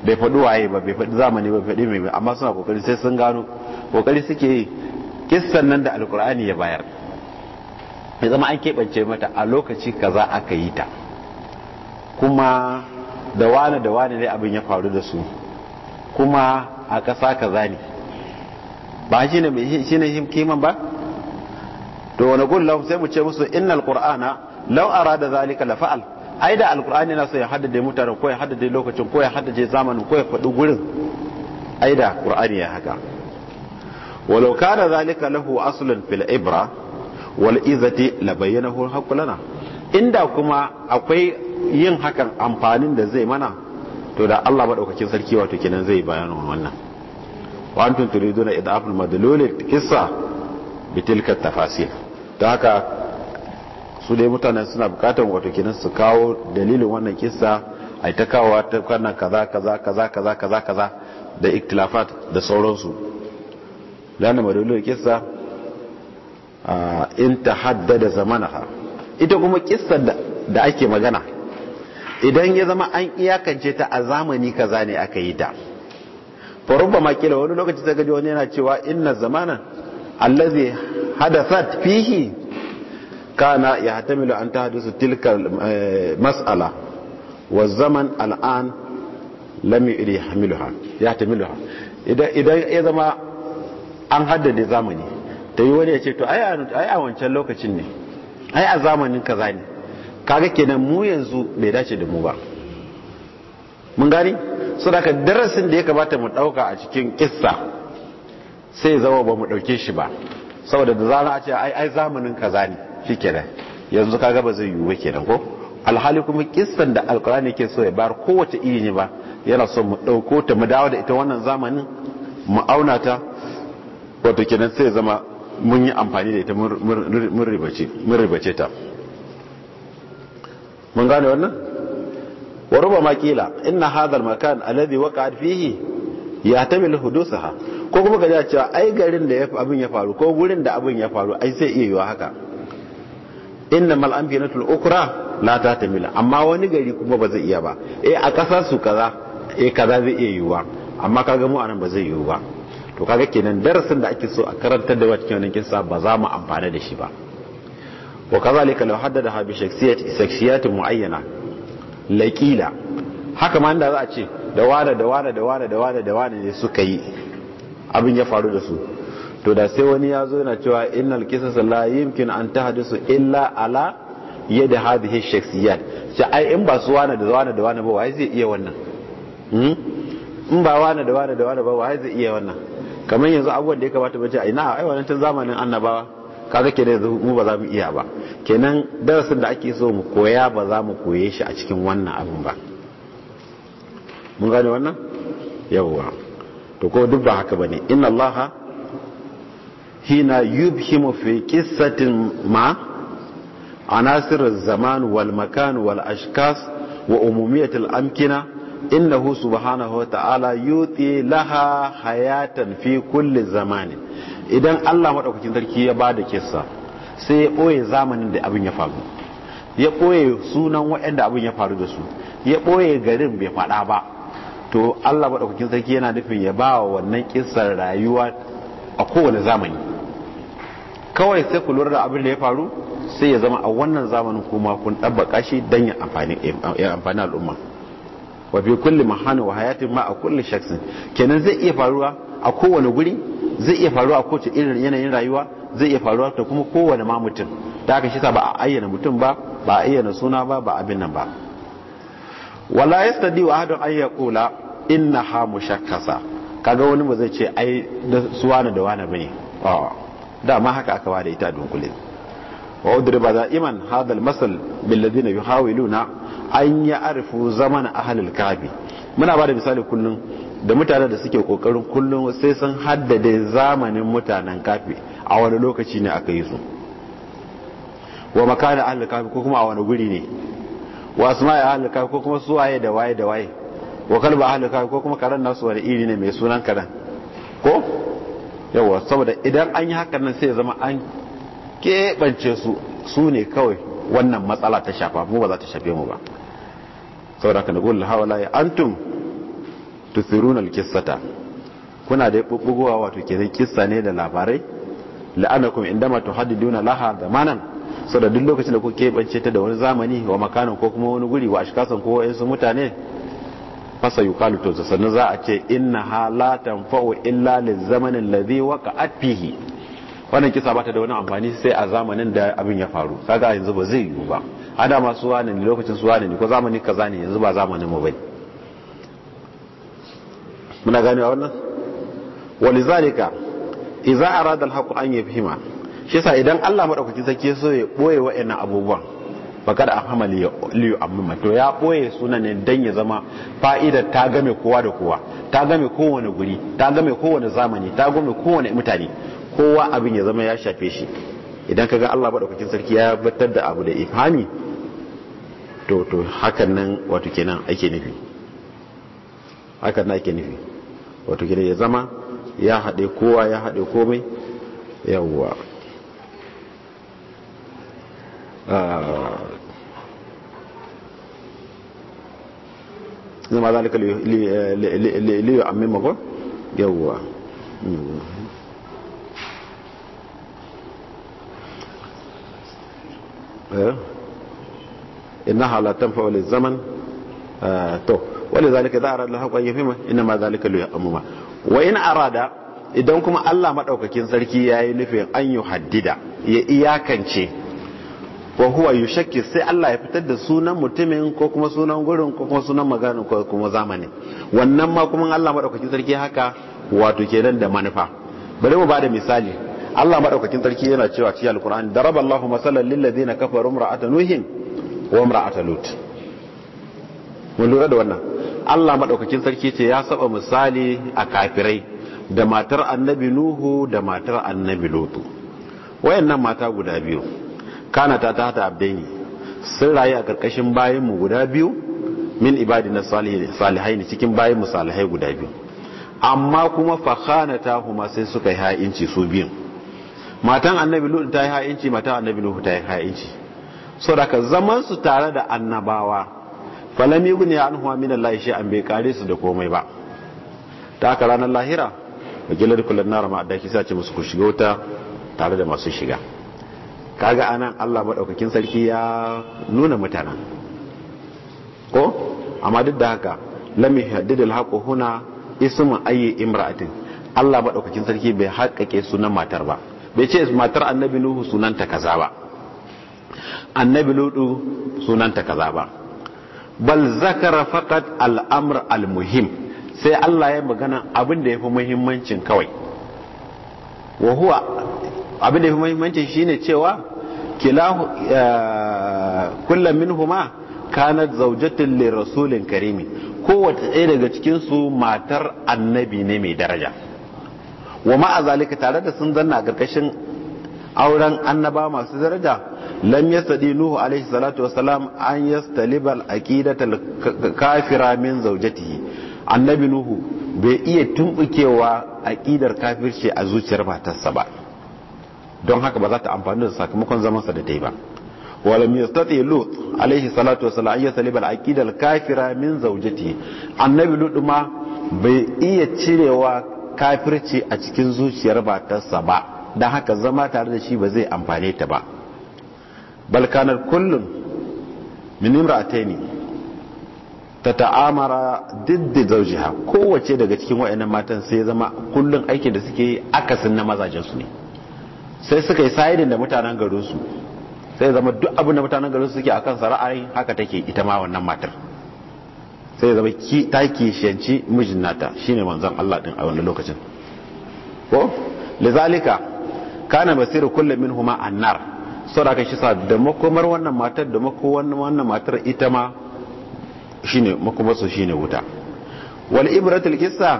bai faɗi waye ba bai faɗi zamani ba bai faɗi mai amma suna kokari sai sun gano kokari suke yi kissan nan da alqur'ani ya bayar ya zama an keɓance mata a lokaci kaza aka yi ta kuma dawane wane ne abin ya faru da su kuma a ƙasa kaza ne ba shi ne shi ne kiman ba to wani gun lahu sai mu ce musu innal qur'ana law arada zalika la fa'al ai da alqur'ani na so ya haddade mutane ko ya haddade lokacin ko ya haddade zamanin ko ya faɗi gurin ai da qur'ani ya haka walau kana zalika lahu aslun fil ibra wal izati la bayyanahu haqqu lana inda kuma akwai yin hakan amfanin da zai mana to da Allah madaukakin sarki wato kenan zai bayanu wannan وانتم تريدون اضعاف المدلول madlul بتلك التفاصيل تاكا don haka su dai mutanen suna bukatar وانا kenan su kawo dalilin wannan كذا كذا كذا kawo ta دا kaza kaza kaza kaza kaza da iktilafat da sauransu madalolin in ta haddada ita kuma kissar da ake magana idan ya zama an iyakance ta a zamani kaza ne aka yi ta farubba makila wani lokaci ta gaji wani yana cewa inna zamana allazi hadathat fihi kana ya hatamilu an ta hadisu tilka eh, mas'ala wa zaman al'an lami yuri hamiluha ya hatamiluha idan idan ya zama an haddade zamani ta yi wani ya ce to ai a wancan lokacin ne ai a zamanin kaza ne kaga kenan mu yanzu bai dace da mu ba mun gani saboda darasin da ya kamata mu dauka a cikin kissa sai zama ba mu dauke shi ba saboda da zana a ce ai ai zamanin kaza ne shikenan yanzu kaga ba zai yiwu kenan ko alhali kuma kissan da alkurani ke so ya bar kowace iri ne ba yana so mu dauko ta mu dawo da ita wannan zamanin mu auna ta wato kenan sai zama mun yi amfani da ita mun ribace ta mun gane wannan wa rubama qila inna hadha al-makan alladhi waqa'at fihi yahtamilu hudusaha ko kuma ka cewa ai garin da abin ya faru ko gurin da abin ya faru ai zai iya yiwa haka mal anfinatul ukra la tatamila amma wani gari kuma ba zai iya ba eh a kasar su kaza eh kaza zai iya yiwa amma kaga mu anan ba zai yiwa ba to kaga kenan darasin da ake so a karantar da wata wannan kissa ba za mu amfana da shi ba wa kazalika law haddada bi shakhsiyati shakhsiyatin muayyana laƙila haka ma inda za a ce da wane da wane da wane da wane da wane ne suka yi abin ya faru da su to da sai wani ya zo yana cewa innal qisas la yumkin an tahdisu illa ala haɗu hadhihi shakhsiyat sai ai in ba su wane da wane da wane ba wai zai iya wannan hmm? in ba wane da wane da wane ba wai zai iya wannan kamar yanzu abubuwan da ya kamata ce ai na ai wannan tun zamanin annabawa kaga ke da mu ba za mu iya ba kenan darasin da ake so mu koya ba za mu koye shi a cikin wannan abin ba mun gane wannan yawwa to ko duk ba haka bane inna allaha hina yubhimu fi qissatin ma anasir zaman wal makan wal ashkas wa umumiyat al-amkina innahu subhanahu wa ta'ala yuti laha hayatan fi kulli zamanin idan Allah maɗaukakin sarki ya ba da sai ya ɓoye zamanin da abin ya faru ya ɓoye sunan waɗanda abin ya faru da su ya ɓoye garin bai faɗa ba to Allah maɗaukakin sarki yana nufin ya ba wa wannan kissar rayuwa a kowane zamani kawai sai ku lura da abin da ya faru sai ya zama a wannan zamanin kuma kun ɗabbaka shi don ya amfani al'umma wa bi kulli mahani wa hayatin ma a kulli shaksin kenan zai iya faruwa a kowane guri zai iya faruwa a kowace irin yanayin rayuwa zai iya faruwa ta kuma kowane ma mutum da aka shi ba a ayyana mutum ba ba a ayyana suna ba ba abin nan ba wala yastadi wa ahadun inna yaqula innaha mushakkasa kaga wani ba zai ce ai da suwana da wani bane da dama haka aka wada ita dunkule wa udriba da'iman hadha hadal masal bil ladina yuhawiluna an ya'rifu zaman ahli kabi muna bada misali kullum da mutanen da suke kokarin kullum sai sun haddade zamanin mutanen kafi a wani lokaci ne aka yi su wa makana ahli kafi ko kuma a wani guri ne wa asma'i ahli kafi ko kuma suwaye da waye da waye wa kalba ahli kafi ko kuma karan nasu wani iri ne mai sunan karan ko yawa saboda idan an yi hakan nan sai zama an keɓance su su ne kawai wannan matsala ta shafa mu ba za ta shafe mu ba saboda ka nagul hawala antum tusiruna alqissata kuna da bubbugowa wato kenan kissa ne da labarai la'anakum indama tuhaddiduna laha zamanan da duk lokacin da kuke bance ta da wani zamani wa makanan ko kuma wani guri wa ashkasan ko wayansu mutane fasa yuqalu to sannan za a ce inna ha la tanfa'u illa lizamanin alladhi waqa'at fihi wannan kisa bata da wani amfani sai a zamanin da abin ya faru kaga yanzu ba zai yiwu ba ada masu wani ne lokacin su wani ko zamani kaza ne yanzu ba zamanin mu bane muna gane a wannan walizalika idza arada alhaqu an yafhima shi yasa idan Allah madaukakin sarki so ya boye ina abubuwan bakar afhama liyu amma to ya boye sunan ne dan ya zama fa'idar ta game kowa da kowa ta game kowane guri ta game kowane zamani ta game kowane mutane kowa abin ya zama ya shafe shi idan kaga Allah madaukakin sarki ya batar da abu da ifhami to to hakan nan wato kenan ake nufi hakan nan ake nufi wato gida ya zama ya haɗe kowa ya haɗe komai yawwa ah. zama zalika liyu amin mako yawwa hmm. eh? innaha la tanfa'u zaman ah, to ولذلك إذا أراد له أن يفهم إنما ذلك ليأمما وإن أراد idan kuma Allah maɗaukakin sarki ya yi nufin an yi haddida ya iyakance wa huwa shakki sai Allah ya fitar da sunan mutumin ko kuma sunan gurin ko kuma sunan maganin ko kuma zamani wannan ma kuma Allah maɗaukakin sarki haka wato kenan da manufa bari mu ba da misali Allah maɗaukakin sarki yana cewa cikin alkur'ani daraba Allahu masalan lil ladina kafaru imra'ata nuhin wa imra'ata lut mun lura da wannan Allah maɗaukakin sarki ce ya saba misali a kafirai da matar annabi nuhu da matar annabi lutu wayannan mata guda biyu kana ta ta ta abdani sun rayu a ƙarƙashin bayanmu guda biyu min na salihai ne cikin bayanmu salihai guda biyu amma kuma fahana ta huma sai suka yi ha'inci su biyun matan annabi lutu ta yi ha'inci matan annabi nuhu ta yi ha'inci da ka zaman su tare da annabawa falam yughni anhu min Allah an bai kare su da komai ba ta haka ranar lahira wakilar kullun nar ma adaki sace musu ku shiga wuta tare da masu shiga kaga anan Allah madaukakin sarki ya nuna mutanen ko amma duk da haka lam yahdid al huna ismu ayi imra'atin Allah maɗaukakin sarki bai haƙƙake sunan matar ba bai ce matar annabi nuhu sunanta kaza ba annabi ludu sunanta kaza ba bal zakara faqat al'amr al-muhim sai Allah ya magana abin da yafi muhimmancin kawai wa huwa abin da yafi muhimmancin shine cewa kilahu min minhuma kanat zawjatun li rasulin karimi kowace ɗaya daga cikin su matar annabi ne mai daraja wa ma'a zalika tare da sun zanna a ƙarƙashin auren annaba masu daraja lam yastadi nuhu alaihi salatu wasalam an yastaliba al-aqidata al-kafira min zawjatihi annabi nuhu bai iya tumbukewa aqidar kafirce a zuciyar matarsa ba don haka ba za ta amfani da sakamakon zaman sa da yi ba ولم يستطع لوط عليه الصلاة والسلام أن يسلب kafira min zawjatihi Annabi lut ma bai iya cirewa kafirci a cikin zuciyar matarsa ba. don haka zama tare da shi ba zai amfane ta ba balkanar kullum minimra ne ta ta'amara diddi zaujiha kowace daga cikin wa'annan matan sai zama kullum aikin da suke akasin na mazajensu ne sai suka yi sayidin da mutanen garinsu sai zama duk abin da mutanen garinsu suke akan sara'ai haka take ita ma wannan matar sai zama ta kishiyanci mijin nata shine manzon Allah din a wannan lokacin ko lizalika kana basiru min minhuma annar saboda haka shi sa da makomar wannan matar da makomar wannan matar ita ma shine makomar su shine wuta wal ibratul qissa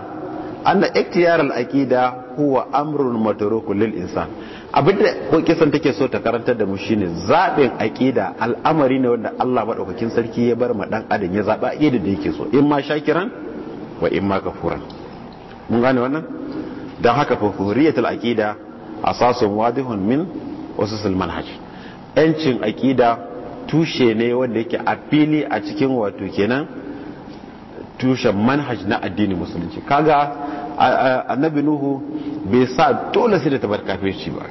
anna ikhtiyar al aqida huwa amrun matruk lil insan abinda kisan take so ta karantar da mu shine zaɓin aƙida al'amari ne wanda Allah maɗaukakin sarki ya bar ma ɗan adam ya zaɓa aƙida da yake so in ma shakiran wa in ma kafuran mun gane wannan don haka fahuriyatul aƙida asasun wadihun min wasu manhaj yancin aƙida tushe ne wanda yake a fili a cikin wato kenan tushen manhaj na addini musulunci kaga annabi nuhu bai sa dole sai da tabar kafirci ba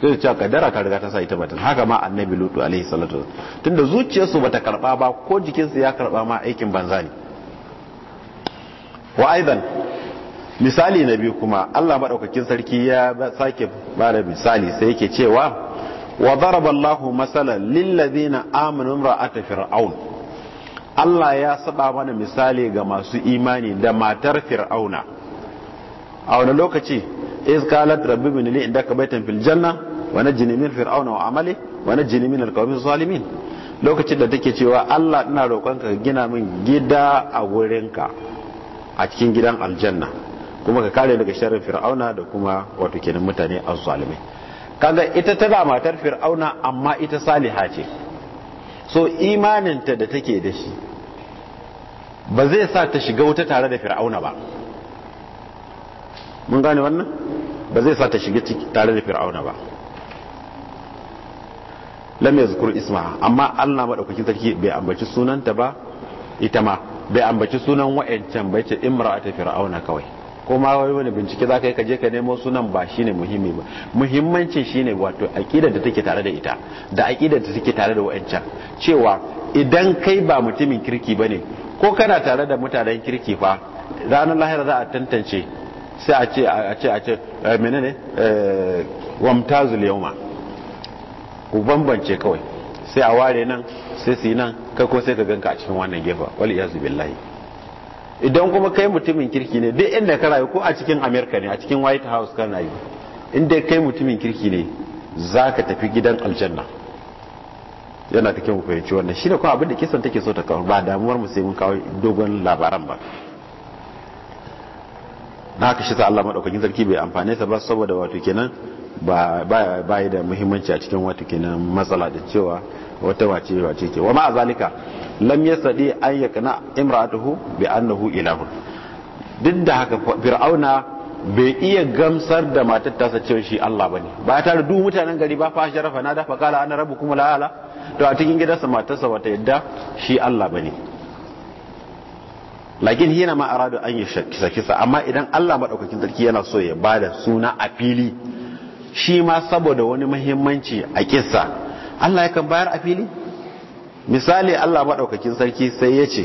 sai da cewa kaddara ka riga ta sa ita batun haka ma annabi lutu alaihi salatu tunda zuciyarsu bata karba ba ko jikinsu ya karba ma aikin banzani. ne wa aidan misali na biyu kuma Allah maɗaukakin sarki ya sake bada misali sai yake cewa wa daraba Allahu masalan lil ladina amanu ra'ata fir'aun Allah ya saba mana misali ga masu imani da matar fir'auna a wani lokaci iz qalat rabbi min li indaka baytan fil janna wa najini min fir'auna wa amali wa najini min alqawmi zalimin lokacin da take cewa Allah ina roƙonka gina min gida a wurinka a cikin gidan aljanna kuma ka kare daga sharrin fir'auna da kuma wato kenan mutane azzalimai kaga ita tana matar fir'auna amma ita saliha ce so imaninta da take da shi ba zai sa ta shiga wuta tare da fir'auna ba mun gane wannan ba zai sa ta shiga tare da fir'auna ba lam yazkur isma amma Allah madaukakin sarki bai ambaci sunanta ba ita ma bai ambaci sunan wa'ancan bai ce imra'atu fir'auna kawai ko ma wai wani bincike za ka yi ka je ka nemo sunan ba shine muhimmi ba muhimmancin shine wato aqidar da take tare da ita da aqidar da take tare da wa'ancan cewa idan kai ba mutumin kirki bane ko kana tare da mutanen kirki fa ranar lahira za a tantance sai a ce a ce a ce eh, menene eh, wamtazul yawma ku bambance kawai sai a ware nan sai su yi nan kai ko sai ka ganka a cikin wannan gefa wal iyazu billahi idan kuma kai mutumin kirki ne duk inda ka rayu ko a cikin Amerika ne a cikin white house ka rayu inda kai mutumin kirki ne za ka tafi gidan aljanna yana da kyau fahimci wannan shi ne kuma abinda kisan take so ta kawo ba damuwar mu sai mun kawo dogon labaran ba na haka shi sa Allah maɗaukakin sarki bai amfane sa ba saboda wato kenan ba ya da muhimmanci a cikin wato kenan matsala da cewa wata wace wace ke wa ma azalika lam yasadi an yakna imra'atuhu bi annahu ilahu duk da haka fir'auna bai iya gamsar da matar tasa cewa shi Allah bane ba ta da duk mutanen gari ba fa sharafa na da fa kala ana rabbukum la'ala to a cikin gidansa matarsa wata yadda shi Allah bane lakin hina ma aradu an yi kisa amma idan Allah madaukakin sarki yana so ya bada suna a fili shi ma saboda wani muhimmanci a kissa Allah yakan bayar a fili misali Allah maɗaukakin sarki sai ya ce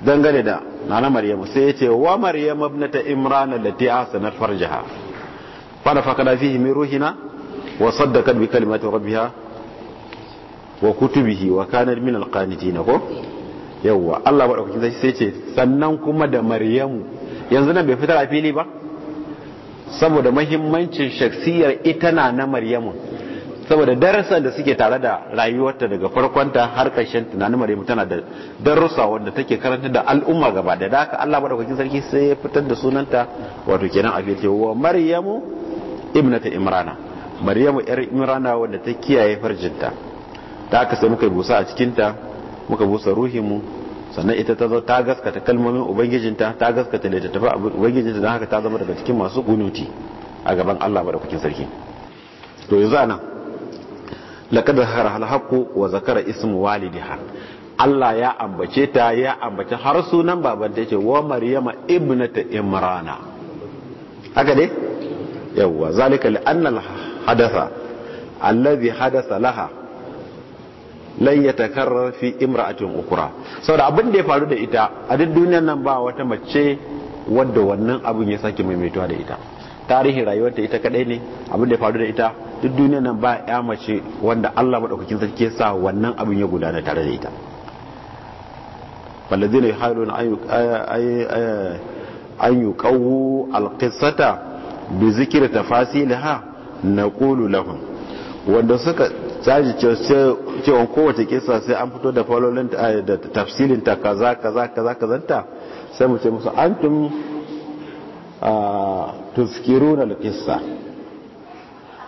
dangane da nana maryamu sai ya ce wa maryamu ibnata imran allati ahsanat farjaha fa nafaqna fihi min ruhina wa saddaqat bi kalimati rabbiha wa kutubihi wa kana min alqanitin ko yawa Allah maɗaukakin sarki sai ya ce sannan kuma da maryamu yanzu nan bai fitar a fili ba saboda mahimmancin shaksiyar ita na na maryamu saboda darasan da suke tare da rayuwarta daga farkonta har ƙarshen tunanin Maryam tana da darussa wanda take karanta da al'umma gaba da haka Allah madaukakin sarki sai ya fitar da sunanta wato kenan a fiye wa Maryamu ibnata Imrana Maryamu yar Imrana wanda ta kiyaye farjinta ta haka sai muka busa a cikinta muka busa ruhinmu sannan ita ta zo ta gaskata kalmomin ubangijinta ta gaskata da ta tafi ubangijinta don haka ta zama daga cikin masu kunuti a gaban Allah madaukakin sarki to yanzu anan laqad harahal haqqu wa zakara ismu walidiha Allah ya ambace ta ya ambace har sunan babanta yake wa maryama ibnata imrana haka ne yawa zalika li anna hadatha alladhi hadatha laha lan yatakarrar fi imra'atin ukra saboda abin da ya faru da ita a duk duniyar nan ba wata mace wadda wannan abun ya sake maimaituwa da ita tarihin rayuwarta ita kadai ne abin da ya faru da ita duk duniyar nan ba ya mace wanda Allah madaukakin sarki ya sa wannan abin ya gudana tare da ita balladina yuhaluna ayu qawu alqisata bi zikri tafasilha naqulu lahum wanda suka tsaji cewa kowace kisa sai an fito da falolin da tafsilin ta kaza kaza kaza kazanta sai mu ce musu antum تذكرون القصة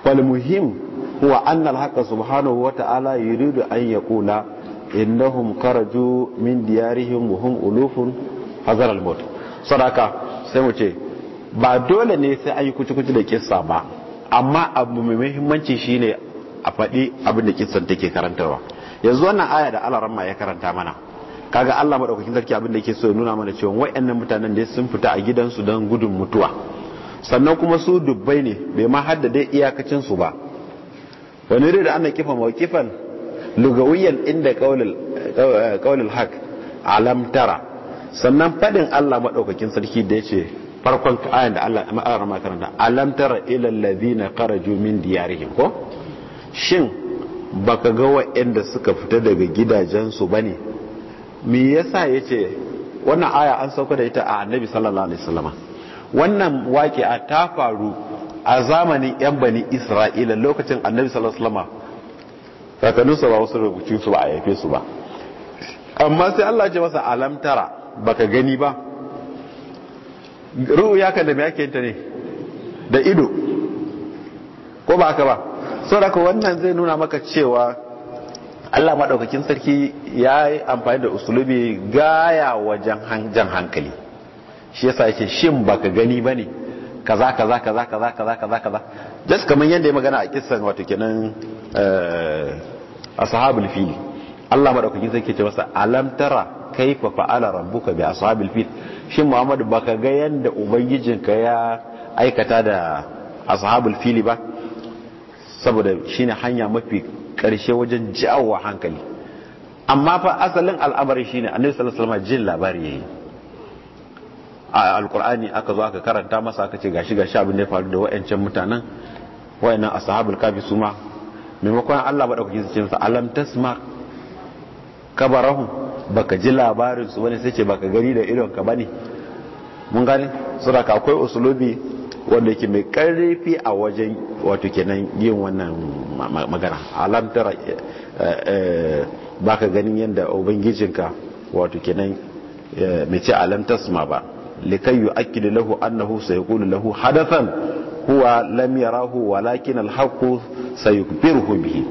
فالمهم هو أن الحق سبحانه وتعالى يريد أن يقول إنهم خرجوا من ديارهم وهم ألوف حذر الموت صدقة ba dole ne sai an yi kuci-kuci da kissa ba amma abu mai muhimmanci shine a faɗi abin da kissan take karantarwa yanzu wannan aya da ya karanta mana kaga Allah madaukakin sarki abin da yake so ya nuna mana cewa wayannan mutanen da sun fita a gidansu don gudun mutuwa sannan kuma su dubbai ne bai ma haddade iyakacin su ba wani rai da ana kifa kifan lugawiyan inda kaulul qaulul haq alam tara sannan fadin Allah madaukakin sarki da yace farkon ayan da Allah ma'ara makaranta alam tara ila alladhina kharaju min diyarihim ko shin baka ga wayanda suka fita daga gidajensu bane me yasa yace wannan aya an sauka da ita a annabi sallallahu alaihi wasallam wannan a ta faru a zamanin yan bani isra'ila lokacin annabi sallallahu alaihi wasallam kakanninsa ba wasu rubucin su ba a haife su ba amma sai Allah ce masa alamtara baka gani ba ru'u ya kan me yake ta ne da ido ko ba haka ba saboda wannan zai nuna maka cewa Allah maɗaukakin sarki ya yi amfani da usulubi gaya wajen jan hankali shi yasa yake shin baka gani ba ne kaza kaza kaza kaza kaza kaza kaza just kamar yadda ya magana a kissan wato kenan eh, ashabul fili Allah maɗaukakin sarki ce masa alam tara fa fa'ala rabbuka bi ashabil fil shin Muhammadu baka ga yanda ubangijinka ya aikata da ashabul fili ba saboda shine hanya mafi karshe wajen jawo hankali amma fa asalin al'amari shine annabi sallallahu alaihi wasallam jin labari yayi a alqur'ani aka zo aka karanta masa aka ce gashi gashi abin da ya faru da wayancan mutanen wayannan ashabul kafi suma maimakon Allah madaukaki su ce masa alam tasma kabarahu baka ji labarin su wani sai ce baka gani da idon ka bane mun gane saboda akwai usulubi wanda yake mai karfi a wajen wato kenan yin wannan magana alam tara eh, eh, baka ganin yadda ubangijinka wato kenan mai eh, ce alam tasma ba likai da lahu annahu kuli lahu hadathan huwa lam yarahu walakin alhaqu sayukbiruhu bihi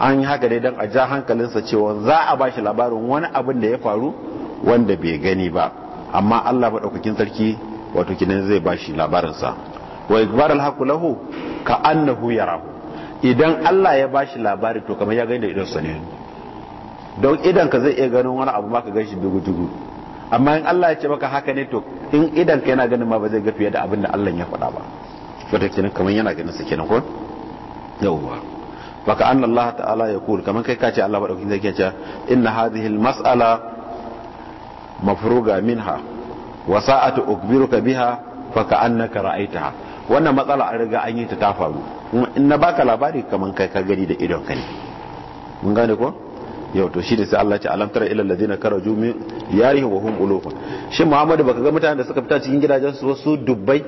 an yi haka dai don a ja hankalinsa cewa za a ba shi labarin wani abin da ya faru wanda bai gani ba amma allah maɗaukakin sarki wato kinan zai bashi labarinsa wa ikbar alhaqu lahu ka annahu yarahu idan Allah ya bashi labari to kamar ya gani da sa ne don idan ka zai iya ganin wani abu maka ka shi dugu-dugu amma in Allah ya ce maka haka ne to in idan ka yana ganin ma ba zai ga fiye da abin da Allah ya faɗa ba wata kinan kamar yana ganin sa kenan ko yawwa baka anna Allah ta'ala ya kul kamar kai kace Allah dauki zai ce inna hadhihi al-mas'ala mafruga minha wa sa'atu ukbiruka biha fa ka'annaka ra'aitaha wannan matsala an riga an yi ta ta faru in na baka labari kaman kai ka gani da idon kai. mun gane ko yau to ne sai Allah ya ce alam tara ila alladhina karaju min yarihi wa hum ulufun shin Muhammadu baka ga mutanen da suka fita cikin gidajen su wasu dubbai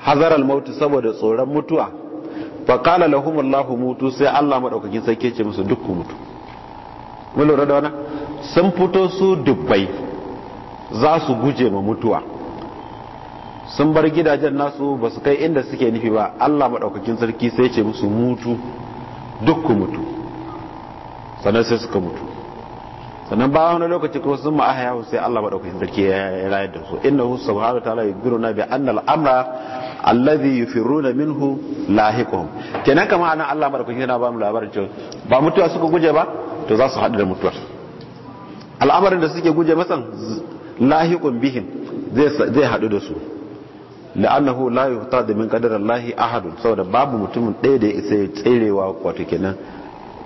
hazaral maut saboda tsoron mutuwa fa qala lahum allah mutu sai Allah madaukakin sarki ke ce musu duk mutu mun lura da wannan sun fito su dubbai za su guje ma mutuwa sun bar gidajen nasu ba su kai inda suke nufi ba allah maɗaukakin sarki sai ce musu mutu duk ku mutu sannan sai suka mutu sannan ba wani lokaci kuma sun ma'a hayahu sai allah maɗaukakin sarki ya rayar da su inna hu subhanahu ta'ala yubiruna bi anna allazi yi alladhi yufirruna minhu lahiquhum kenan kama anan allah maɗaukakin yana ba mu labarin cewa ba mutuwa suka guje ba to za su haɗu da mutuwar al'amarin da suke guje masan lahiqun bihim zai haɗu da su la'annahu la yuhta min qadar Allah ahadun saboda babu mutumin ɗaya da ya tserewa wato kenan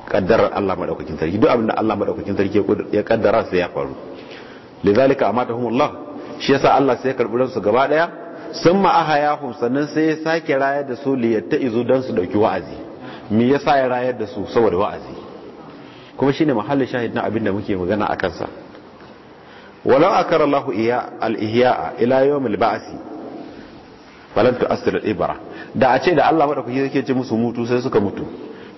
kaddarar Allah madaukakin sarki duk abinda Allah madaukakin sarki ya kaddara sai ya faru lidhalika amatahum Allah shi yasa Allah sai ya karbi su gaba daya sun ahayahum sannan sai ya sake rayar da su liyatta izu dan su dauki wa'azi me yasa ya rayar da su saboda wa'azi kuma shine mahallin shahid na abin muke magana akan sa walau akara Allah al-ihya'a ila yawmil ba'si falan tu'assir al-ibra da a ce da Allah madaukaki ke ce musu mutu sai suka mutu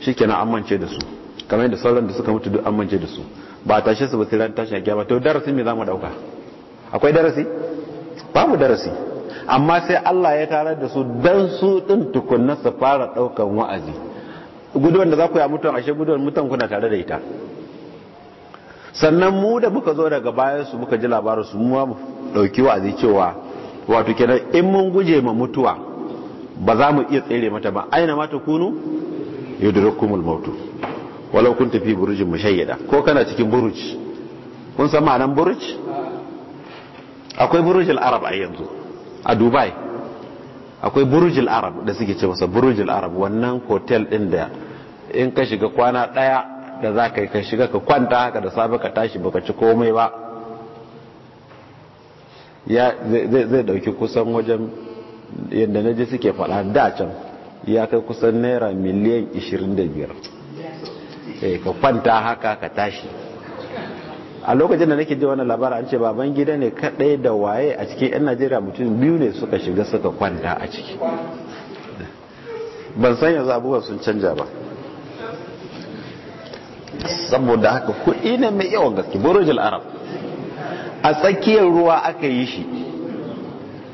shikenan an amince da su kamar da sauran da suka mutu duk amince da su ba a tashe su ba sai ran tashi ba. to darasin me mu ɗauka? akwai darasi Ba mu darasi amma sai Allah ya tarar da su don su din tukunna su fara daukan wa'azi guduwan da za ku yi a mutuwan ashe guduwan mutan kuna tare da ita sannan mu da muka zo daga bayan su muka ji labarin su muwa mu dauki wa'azi cewa wato kenan in mun guje ma mutuwa ba za mu iya tsere mata ba aina mata kunu yudrukumul maut walau kunta fi burujin mushayyada ko kana cikin buruj kun san ma'anan buruj akwai burujil arab a yanzu a dubai akwai burujil arab da suke ce masa burujil arab wannan hotel din da in ka shiga kwana daya da za ka yi ka shiga ka kwanta haka da safe ka tashi baka ci komai ba zai dauki kusan wajen yadda na ji suke faɗa da can ya kai kusan naira miliyan 25 eh, ka kwanta haka ka tashi a lokacin da nake ji wani labari an ce baban gida ne kadai da waye a cikin yan najeriya mutum biyu ne suka shiga suka kwanta a ciki ban san yanzu sun canja ba saboda haka kuɗi ne mai yawan gaske burujil arab a tsakiyar ruwa aka yi shi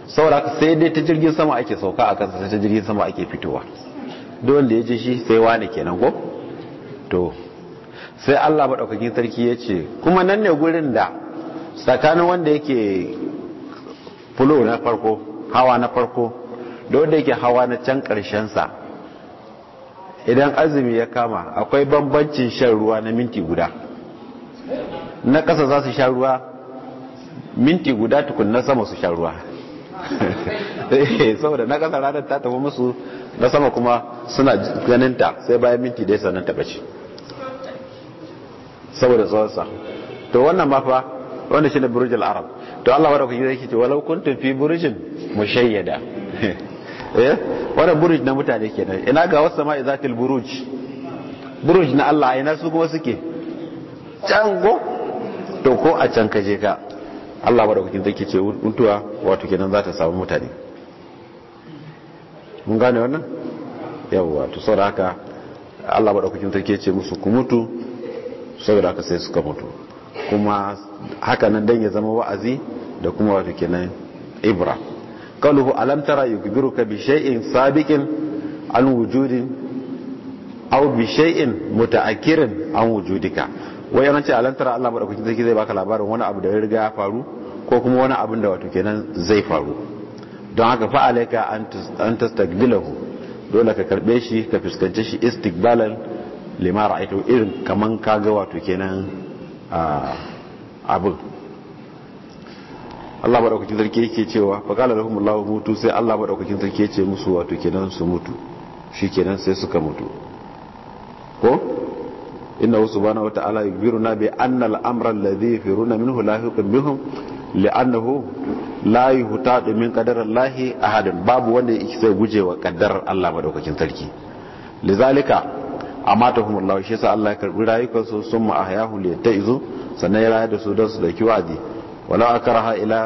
saboda sai dai ta jirgin sama ake sauka a kansa sai ta jirgin sama ake fitowa dole ya je shi sai wane kenan ko to sai Allah madaukakin sarki ya ce kuma nan ne gurin da tsakanin wanda yake fulo na farko hawa na farko da yake hawa na can ƙarshensa sa idan azumi ya kama akwai bambancin shan ruwa na minti guda na ƙasa za su sha ruwa minti guda tukun na sama su sha ruwa saboda na ƙasa ranar ta tafi musu na sama kuma suna ganinta sai bayan minti dai sannan ta bace saboda tsawonsa to wannan mafa wanda shi ne burjil arab to allah wadda kuke zai ce walau kuntun fi burjin mushayyada eh wannan buruj na mutane kenan ina ga wasu sama'i zatil buruj buruj na Allah ina su kuma suke can go to ko a can ka je ka Allah madaukakin take ce mutuwa wato kenan za ta samu mutane mun gane wannan yawwa to saboda haka Allah madaukakin take ce musu ku mutu saboda haka sai suka mutu kuma haka nan dan ya zama wa'azi da kuma wato kenan ibra قوله ألم ترى يخبرك بشيء سابق عن وجود أو بشيء متأكر عن وجودك wai an ce alantara, Allah madaukakin sarki zai baka labarin wani abu da ya riga ya faru ko kuma wani abin da wato kenan zai faru don haka fa alaika an tastaqbilahu dole ka karbe shi ka fuskanci shi istiqbalan lima ra'aytu irin kaman kaga wato kenan abin Allah madaukakin sarki yake cewa fa qala lahum Allahu mutu sai Allah madaukakin sarki yake musu wato kenan su mutu shikenan sai suka mutu ko inna subhanahu wa ta'ala yubiruna bi anna al-amra alladhi yafiruna minhu yuqim bihum li'annahu la yuhtadu min qadar Allah ahadan babu wanda yake sai gujewa qadar Allah madaukakin sarki lizalika amatahum Allah shi sai Allah ya karbi rayukansu summa ahyahu li ta'izu sannan ya rayar da su don su dauki wa'azi wala akaraha ila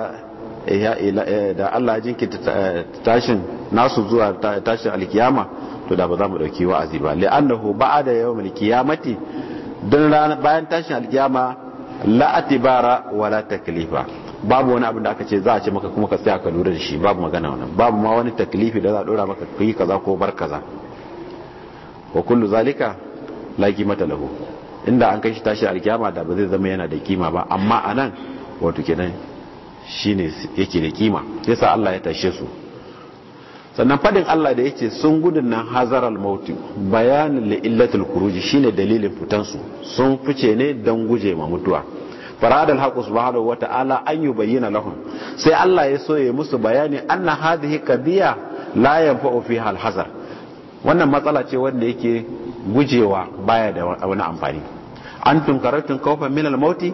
eh, eh, da Allah jinki eh, tashin nasu zuwa tashin alkiyama to da ba za mu dauki wa'azi ba annahu ba'da yawmil qiyamati dan bayan tashin alkiyama la atibara wala taklifa babu wani abin da aka ce za a ce maka kuma ka tsaya ka lura da shi babu magana wannan babu ma wani taklifi da za a dora maka kai kaza ko bar kaza wa kullu zalika la qimata lahu inda an kai shi tashi alkiyama da ba zai zama yana da kima ba amma anan wato kenan shine yake da kima yasa Allah ya tashe su sannan fadin Allah da yake sun gudun nan mauti bayanin li illatul khuruj shine dalilin fitan su sun fice ne dan guje ma mutuwa faradal haqu subhanahu ala an yubayyana lahum sai Allah ya so ya musu bayani anna hadhihi qadiya la yanfa'u fiha al hazar wannan matsala ce wanda yake gujewa baya da wani amfani an tunkaratun kawfan min al mauti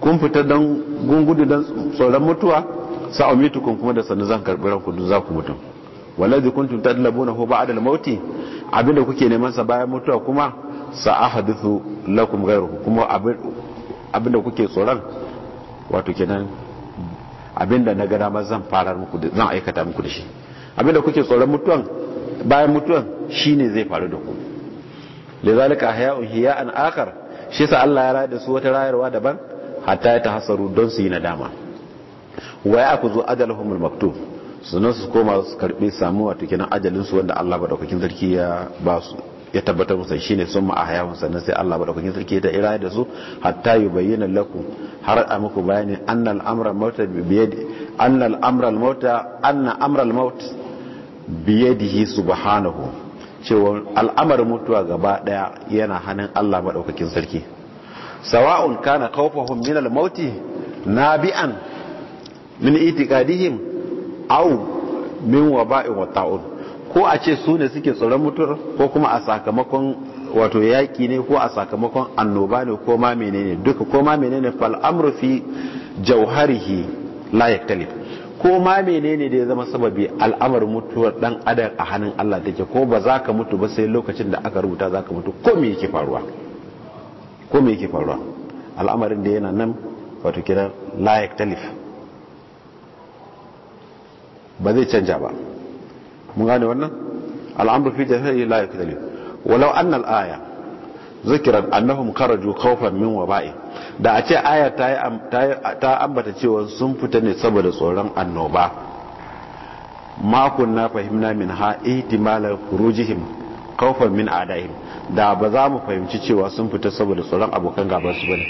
kun fita don gungudu don tsoron mutuwa sa kun kuma da sannu zan karɓi ranku don za ku mutu wallazi kuntum tadlabuna hu ba'da al-mauti abinda kuke neman sa bayan mutuwa kuma sa ahadithu lakum ghayruhu kuma abinda kuke tsoron wato kenan abinda na gada ma zan farar muku zan aikata muku da shi abinda kuke tsoron mutuwan bayan mutuwan shine zai faru da ku lidhalika hiya an akhar shi sa Allah ya rada da su wata rayarwa daban hatta ya tahassaru don su yi nadama wa ya ku zo ajalahumul maktub sannan su koma su karbi samu wato kenan ajalin su wanda Allah madaukakin sarki ya ba su ya tabbatar musu shine sun ma ahyawan sannan sai Allah madaukakin sarki ya ira da su hatta yubayyana lakum har a muku bayani annal amra mauta biyadi annal amra mauta anna amra maut biyadihi subhanahu cewa al'amarin mutuwa gaba daya yana hannun Allah madaukakin sarki sawa'un kana khawfuhum min al-maut nabi'an min itiqadihim aw min waba'in wa ta'un ko a ce su ne suke tsoron mutuwar ko kuma a sakamakon wato yaƙi ne ko a sakamakon annoba ne ko ma menene duka ko ma menene fal amru fi jawharihi la yaktalif ko ma menene da ya zama sababi al'amar mutuwar dan adam a hannun Allah take ko ba za ka mutu ba sai lokacin da aka rubuta za ka mutu ko me yake faruwa ko me yake faruwa al'amarin da yana nan wato kira layak talif ba zai canja ba mun gane wannan al'amru fi jahili layak talif walau anna al-aya zikiran annahum kharaju khawfan min waba'i da a ce aya ta ambata cewa sun fita ne saboda tsoron annoba makon na fahimna min ha ihtimalar khurujihim kaufan min adaihim da ba za mu fahimci cewa sun fita saboda tsoron abokan gaban su bane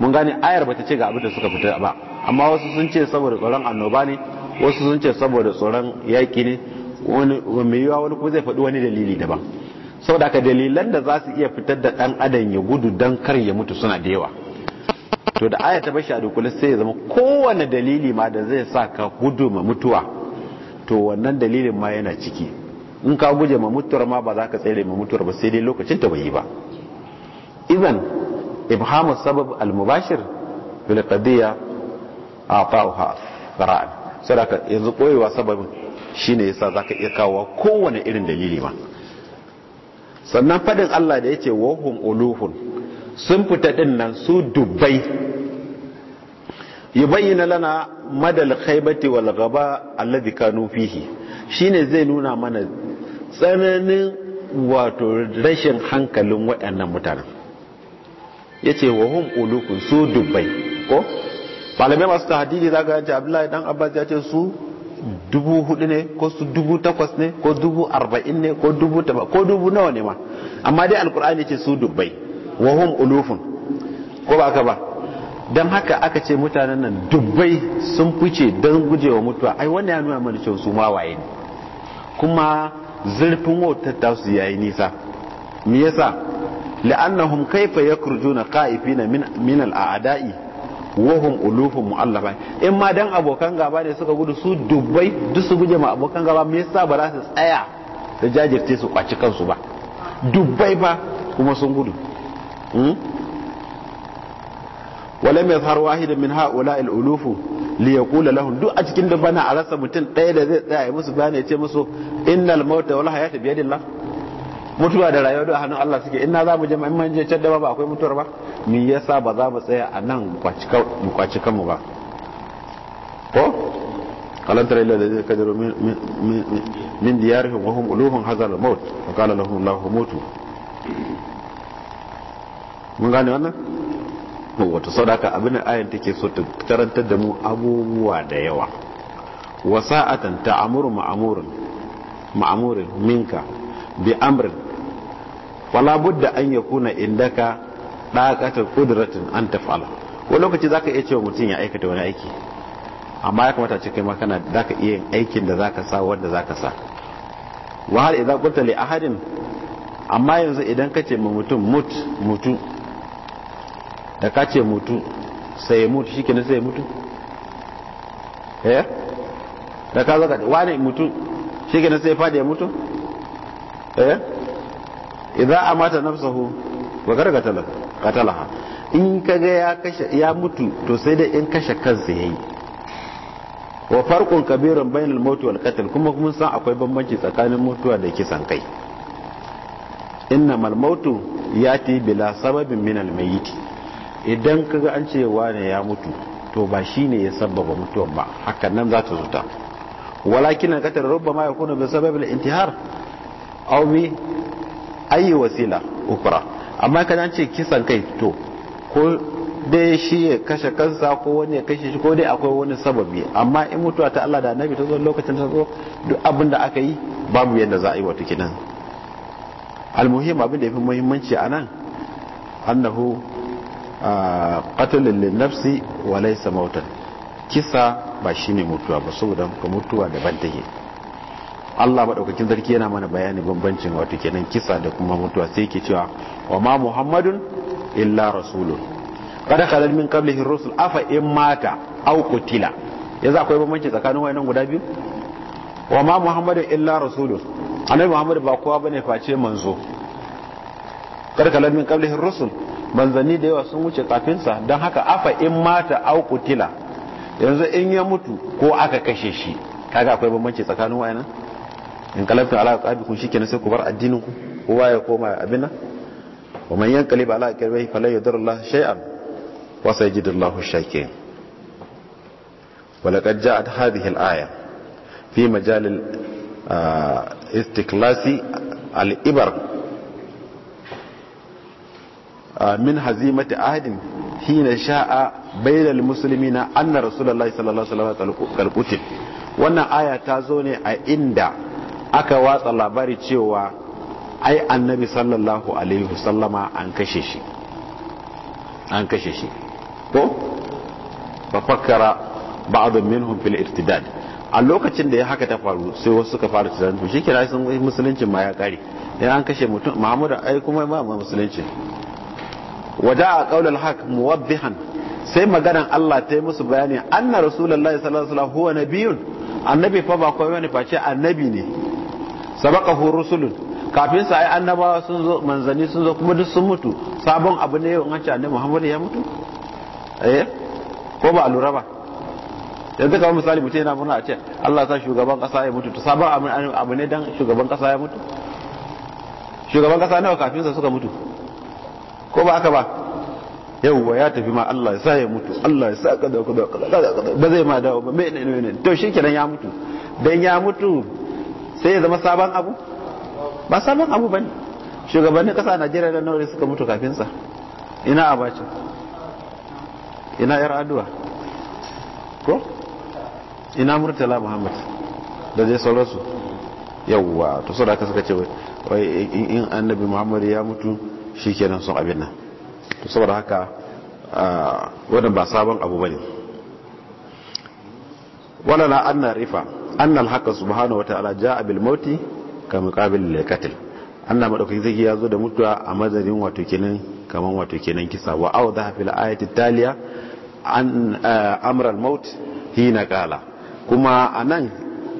mun gane ayar bata ce ga abin da suka fita ba amma wasu sun ce saboda tsoron annoba ne wasu sun ce saboda tsoron yaƙi ne wani mai wani kuma zai faɗi wani dalili daban saboda ka dalilan da za su iya fitar da ɗan adam ya gudu don kar ya mutu suna da yawa to da aya ta bashi a dukule sai ya zama kowane dalili ma da zai sa ka gudu ma mutuwa to wannan dalilin ma yana ciki in ka guje ma mutuwar ma ba za ka tsere ma mutuwar ba sai dai lokacin ta bai yi ba idan ibhamu sabab al-mubashir bil qadiyya ata'uha qara'a sadaka yanzu koyewa sababin shine yasa zaka iya kawo kowane irin dalili ma sannan fadin Allah da yake wahum uluhun sun fita din nan su dubbai yubayyana lana madal khaybati wal ghaba alladhi kanu fihi shine zai nuna mana tsananin wato rashin hankalin waɗannan mutanen ya ce wa hun ulukun su dubbai ko malamai masu tahadidi za ga yanci abdullahi dan abbas ya ce su dubu hudu ne ko su dubu takwas ne ko dubu arba'in ne ko dubu taba ko dubu nawa ne ma amma dai alkur'ani ce su dubbai wa hun ulufun ko ba ka ba don haka aka ce mutanen nan dubbai sun fice don gujewa mutuwa ai wannan ya nuna mana cewa su ma waye ne kuma zurfin wautar su yayi nisa me yasa la'annahum kaifa yakhrujuna qa'ifina min minal al'a'da'i wa hum ulufun mu'allafa in ma dan abokan gaba ne suka gudu su dubbai duk su guje ma abokan gaba me yasa ba za su tsaya da jajirce su kwaci kansu ba dubbai ba kuma sun gudu hmm? walam yazhar wahidan min haula al ulufu li yaqula lahum duk a cikin dubana a rasa mutum ɗaya da zai tsaya musu bayani ya ce musu innal mauta wal hayata bi yadillah mutuwa da rayuwa duk a hannun Allah suke ina za mu je mun je can ba akwai mutuwar ba me yasa ba za mu tsaya a nan mu kwaci kanmu ba ko alam tara illa ladina kajaru min diyarihim wa hum uluhun hazal maut wa qala lahum allah mutu mun gane wannan wata sadaka abin ayan take so ta tarantar da mu abubuwa da yawa wasa'atan ta'amuru ma'amurin ma'amurin minka bi amrin wala budda an yakuna indaka daqata qudratin an taf'ala ko lokaci zaka iya cewa mutum ya aikata wani aiki amma ya kamata ce kai ma kana zaka iya aikin da zaka sa wanda zaka sa wa har idza qulta li ahadin amma yanzu idan kace ma mutum mut mutu da ka ce mutu sai ya mutu shike sai ya mutu eh da ka zaka wani mutu shike sai ya fadi ya mutu eh idza amata nafsuhu wa garga talaka qatalaha in ka ya kashe ya mutu to sai dai in kashe kansa yayi wa farqun kabirun bainal maut wal qatl kuma kuma san akwai bambanci tsakanin mutuwa da kisan kai innamal mautu yati bila sababin minal mayyiti idan kaga an ce wane ya mutu to ba shine ya sabbaba mutuwa ba hakan nan za ta zuta walakin qatar rubbama yakunu bi sabab al-intihar aw bi ayi wasila ukra amma kan an ce kisan kai to ko dai shi ya kashe kansa ko wani ya kashe shi ko dai akwai wani sababi amma in mutuwa ta Allah da Annabi ta zo lokacin ta zo duk abin da aka yi babu yadda za a yi wato al almuhim abin da yafi muhimmanci anan annahu qatlun lin nafsi wa laysa mautan kisa ba shine mutuwa ba saboda ka mutuwa daban take Allah madaukakin sarki yana mana bayani bambancin wato kenan kisa da kuma mutuwa sai yake cewa wa ma muhammadun illa rasulun kada kalal min qablihi rusul afa in mata aw qutila yanzu akwai bambanci tsakanin wayannan guda biyu wa ma muhammadun illa rasulun annabi muhammad ba kowa bane face manzo kada kalal min qablihi rusul manzanni da yawa sun wuce kafinsa don haka afa in mata au kutila yanzu in ya mutu ko aka kashe shi kaga akwai bambanci tsakanin wayana. in kalafin ala qabikum kenan sai ku bar addinin ku kowa ya koma abin nan wa man yanqalib ala kalbihi fala yadur Allah shay'an wa sayajidu shakirin wa ja'at hadhihi al-aya fi majalil ah, istiklasi al min hazimati ahadin hina sha'a bainal muslimina anna rasulullahi sallallahu alaihi wasallam kalqutil wannan aya ta zo ne a inda aka watsa labari cewa ai annabi sallallahu alaihi wasallama an kashe shi an kashe shi ko fa fakkara ba'd minhum fil irtidad a lokacin da ya haka ta faru sai wasu suka fara tunanin to shikenan sun musulunci ma ya kare dan an kashe mutum Muhammadu ai kuma ma musulunci waja'a qaulul haq muwaddihan sai maganan Allah ta yi musu bayani anna rasulullahi sallallahu alaihi wasallam huwa nabiyun annabi fa ba kowa ne face annabi ne hu rusulun kafin sa ai annabawa sun zo manzani sun zo kuma duk sun mutu sabon abu ne yau an ce annabi Muhammad ya mutu eh ko ba lura ba yanzu kamar misali mutum yana murna a ce Allah sa shugaban kasa ya mutu to sabon abu ne dan shugaban kasa ya mutu shugaban kasa nawa kafin sa suka mutu ko ba haka ba yawwa ya tafi ma Allah ya sa ya mutu Allah ya sa ka da kada ba zai ma dawo ba me ne ne to shikenan ya mutu dan ya mutu sai ya zama sabon abu ba sabon abu bane shugabannin kasa Najeriya da nawa suka mutu kafin sa ina abaci ina yar aduwa ko ina murtala muhammad da zai sauransu yauwa to saboda haka suka ce wai in annabi muhammad ya mutu shi kenan sun abin nan to saboda haka wadda ba sabon abu bane wala la anna rifa anna al haka subhanahu wa ta'ala jaa bil mauti ka muqabil lil qatl na madaukakin zai ya zo da mutuwa a mazarin wato kenan kaman wato kenan kisa wa awdaha fil ayati taliya an amra al-maut hina qala kuma anan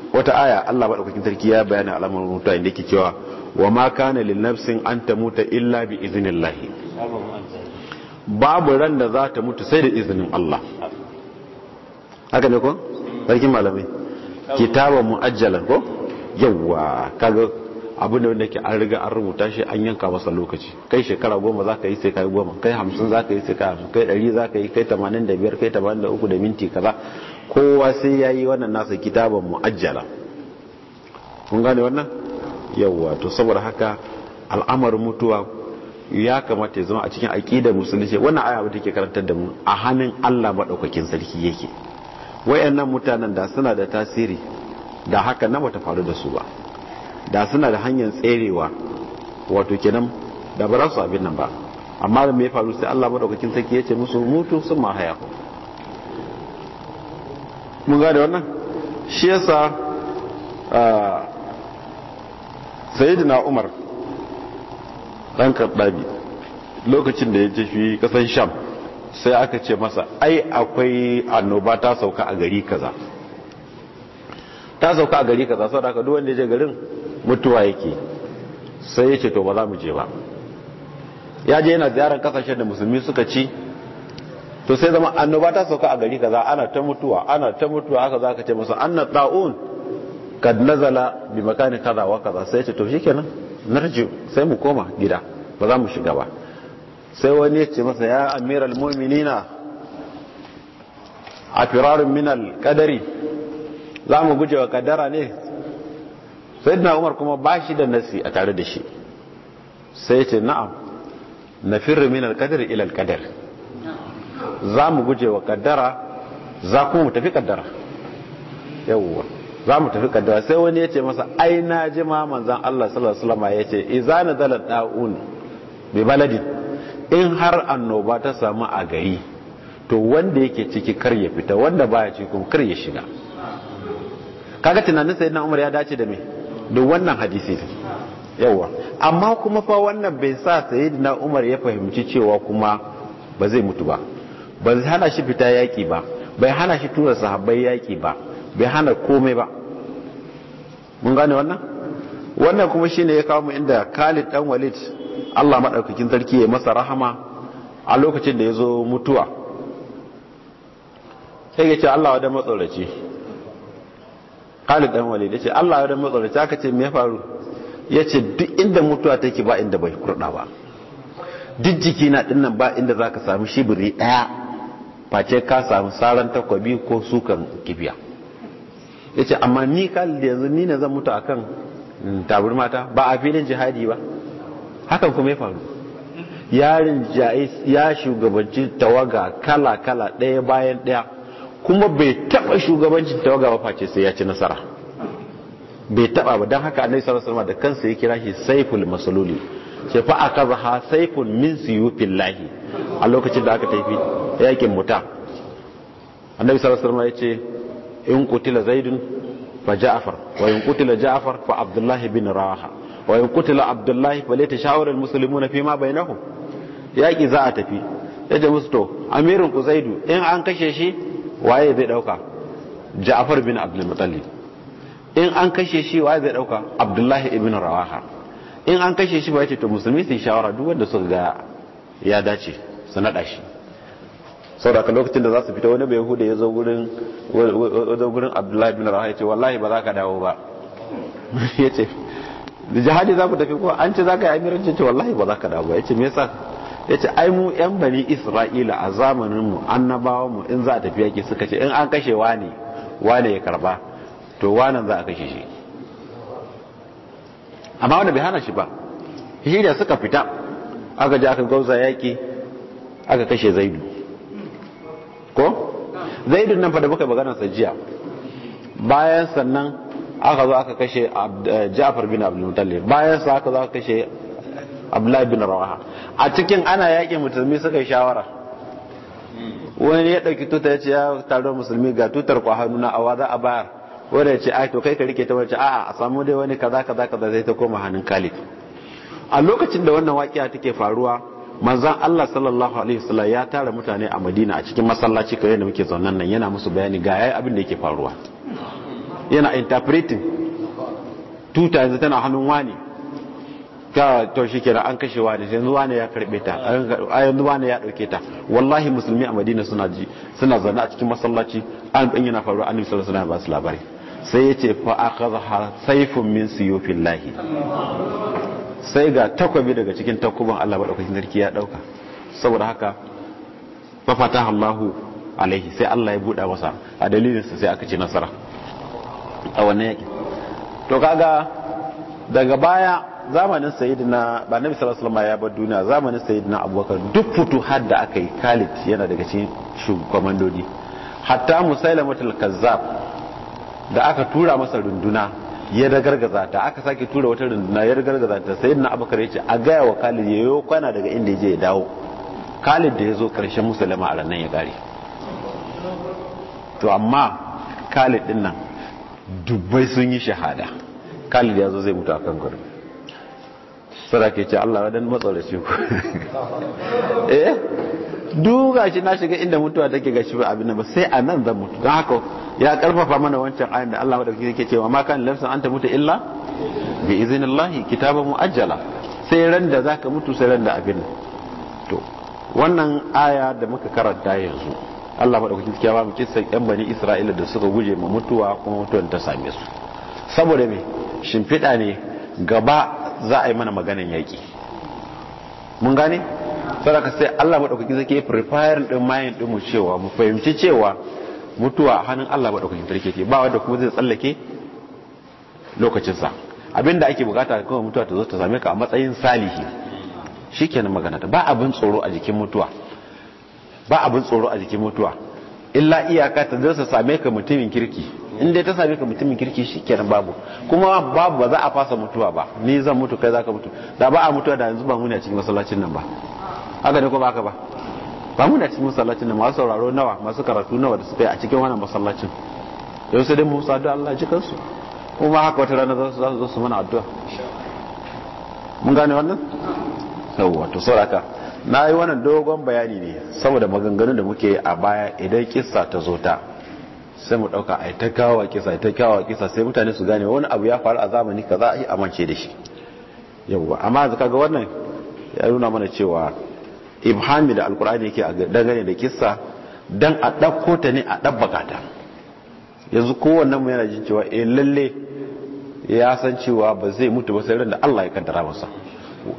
wata aya Allah madaukakin sarki ya bayani alamar mutuwa inda yake cewa wa ma kana lil nafsin an mutu illa bi iznillah babu ran da za ta mutu sai da izinin Allah haka ne ko barkin malami. kitabun muajjalan ko yawa kaga abu ne wanda ke an riga an rubuta shi an yanka masa lokaci kai shekara goma za ka yi sai kai goma kai hamsin za ka yi sai kai hamsin kai ɗari za ka yi kai tamanin da biyar kai tamanin da uku da minti kaza kowa sai ya yi wannan nasa kitabun mu'ajjala kun gane wannan yawwa to saboda haka al'amarin mutuwa ya kamata ya zama a cikin aƙidar musulunci wannan aya wata ke karantar da mu a hannun Allah maɗaukakin sarki yake wayannan mutanen da suna da tasiri da haka na bata faru da su ba da suna da hanyar tserewa wato kenan da ba za su abin nan ba amma da mai faru sai Allah maɗaukakin sarki ya ce musu mutu sun ma haya mun gane wannan shi yasa ah, sayyidina umar dan kaddabi lokacin da ya tafi kasan sham sai aka ce masa ai akwai annoba ta sauka a gari kaza ta sauka a gari kaza saboda haka duk wanda ya je garin mutuwa yake sai ya ce to ba za mu je ba ya je yana ziyarar kasashen da musulmi suka ci to sai zama annoba ta sauka a gari kaza ana ta mutuwa ana ta mutuwa haka za ka ce masa anna ta'un kad nazala bi makani kaza wa kaza sai ce to shikenan narji sai mu koma gida ba za mu shiga ba sai wani ya ce masa ya amiral mu'minina a firarin minal kadari za mu guje wa kadara ne sai dina umar kuma ba shi da nasi a tare da shi sai ce na'am na firin minal kadari ilal kadar za mu guje wa kadara za kuma mu tafi kadara yawon za mu tafi kaddawa sai wani ya ce masa ai na ji ma manzan Allah sallallahu alaihi wasallam ya ce idza nazala da'un bi baladin in har annoba ta samu a gari to wanda yake ciki kar ya fita wanda baya ciki kuma kar ya shiga kaga tunanin sayyidina Umar ya dace da me da wannan hadisi yawa amma kuma fa wannan bai sa sayyidina Umar ya fahimci cewa kuma ba zai mutu ba ba hana shi fita yaki ba bai hana shi tura sahabbai yaki ba bai hana komai ba mun gane wannan wannan kuma shine ya kawo mu inda Khalid dan Walid Allah maɗaukakin sarki ya masa rahama a lokacin da ya zo mutuwa sai ya ce Allah wadda matsoraci Khalid dan Walid ya ce Allah wadda matsoraci aka ce me ya faru ya ce duk inda mutuwa take ba inda bai kurda ba duk jiki na nan ba inda zaka samu shibiri daya face ka samu saran takwabi ko sukan kibiya yace amma ni kal da yanzu ni ne zan mutu akan mm, mata ba a filin jihadi ba hakan kuma ya faru yarin jais ya shugabanci tawaga kala kala ɗaya bayan ɗaya kuma bai taɓa shugabancin tawaga ba face sai ya ci nasara bai taɓa ba don haka annabi sallallahu alaihi da kansa ya kira shi saiful masaluli ce fa aka zaha saifun min siyufin lahi a lokacin da aka taifi yakin muta annabi sallallahu ya ce in kutila zaidun fa ja'far wa in kutila ja'far fa abdullah bin rawaha wa in kutila abdullah fa la tashawara al muslimuna fi ma bainahum yaki za a tafi yace musu to amirin ku zaidu in an kashe shi waye zai dauka ja'far bin abdul muttalib in an kashe shi waye zai dauka abdullah ibn rawaha in an kashe shi ba ce to musulmi su shawara duk wanda suka ga ya dace su nada shi saboda lokacin da za su fita wani bai hude ya zo gurin abdullahi bin raha ya ce wallahi ba za ka dawo ba ya ce jihadi za ku tafi ko an ce za ka yi amiranci ce wallahi ba za ka dawo ba ya ce me yasa ya ce ai mu yan bani isra'ila a zamanin mu annabawan mu in za a tafi yaki suka ce in an kashe wani wani ya karba to wanan za a kashe shi amma wanda bai hana shi ba shi da suka fita aka ji aka gauza yaki aka kashe zaidu ko zaidun nan fa da muka magana sa jiya bayan sannan aka zo aka kashe eh, Ja'far bin Abdul Muttalib bayan sa aka zo aka kashe Abdullahi bin Rawaha a cikin ana yakin musulmi suka yi shawara wani ya dauki tuta ya ce ya taro musulmi ga tutar ku hannuna a waza a bayar wanda ya ce ai to kai ka rike ta wace a'a a samu dai wani kaza kaza kaza zai ta koma hannun kalif a lokacin da wannan waƙiya take faruwa manzan Allah sallallahu alaihi wasallam ya tara mutane a Madina a cikin masallaci kare da muke zaunan nan yana musu bayani ga yayi abin da yake faruwa yana interpreting tuta yanzu tana hannun wani ta to kira an kashe wani yanzu wani ya karbe ta yanzu wani ya dauke ta wallahi musulmi a Madina suna ji suna zaune a cikin masallaci an dan yana faruwa annabi sallallahu alaihi wasallam ba su labari sai yace fa akhadha sayfun min siyufillahi sai ga takwabi daga cikin takuban Allah madaukakin sarki ya dauka saboda haka mafata Allahu alaihi sai Allah ya buɗa masa a dalilinsa sai aka ci nasara a wannan yakin to kaga daga baya zamanin sayidina ba nabi sallallahu alaihi ya bar duniya zamanin sayidina abubakar duk futuhat da aka yi khalid yana daga cikin shugaban hatta musailamatul kazzab da aka tura masa runduna ya da gargaza ta aka sake tura wata runduna ya da gargaza ta sai na abu ya ce a gaya wa khalid ya yi kwana daga inda ya je ya dawo khalid da ya zo karshen musulama a ranar ya gari to amma khalid din nan dubbai sun yi shahada khalid ya zo zai mutu a kan gurbin sura ke ce Allah wadan matsalacin ku eh duga shi na shiga inda mutuwa take ga shi ba abin ba sai a nan zan mutu don haka ya karfafa mana wancan ayin da Allah wadanda ke cewa ma kan lafsan ta mutu illa bi kitabar mu muajjala sai ran da zaka mutu sai ran da abin to wannan aya da muka karanta yanzu Allah madaukakin sarki ya ba mu kissan yan bani Isra'ila da suka guje mu mutuwa kuma mutuwan ta same su saboda me shimfiɗa ne gaba za a yi mana maganin yaƙi mun gane saraka sai Allah maɗaukaki zake preparing ɗin mayan ɗin mu cewa mu fahimci cewa mutuwa hannun Allah maɗaukakin sarki ke ba wanda kuma zai tsallake lokacinsa abinda ake bukata kuma mutuwa ta zo ta same ka a matsayin salihi shikenan magana ta ba abin tsoro a jikin mutuwa ba abin tsoro a jikin mutuwa illa iyaka ta zo ta same ka mutumin kirki in dai ta same ka mutumin kirki shi kenan babu kuma babu ba za a fasa mutuwa ba ni zan mutu kai zaka mutu da ba a mutuwa da yanzu ba muna a cikin masallacin nan ba haka ne ko ba haka ba ba muna a cikin masallacin nan masu sauraro nawa masu karatu nawa da suka yi a cikin wannan masallacin yau sai dai mu sadu Allah ji kansu kuma haka wata rana za su zo su mana addu'a mun gane wannan yawwa to sauraka na yi wannan dogon bayani ne saboda maganganun da muke a baya idan kissa ta zo ta sai mu dauka ai ta kawo kisa ta kawo kisa sai mutane su gane wani abu ya faru a zamani kaza ai amance da shi yawwa amma yanzu kaga wannan ya nuna mana cewa ibhami da alkur'ani yake dangane da kisa dan a dauko ta ne a ɗabbaka ta yanzu kowannen mu yana jin cewa eh lalle ya san cewa ba zai mutu ba sai ran da Allah ya kaddara masa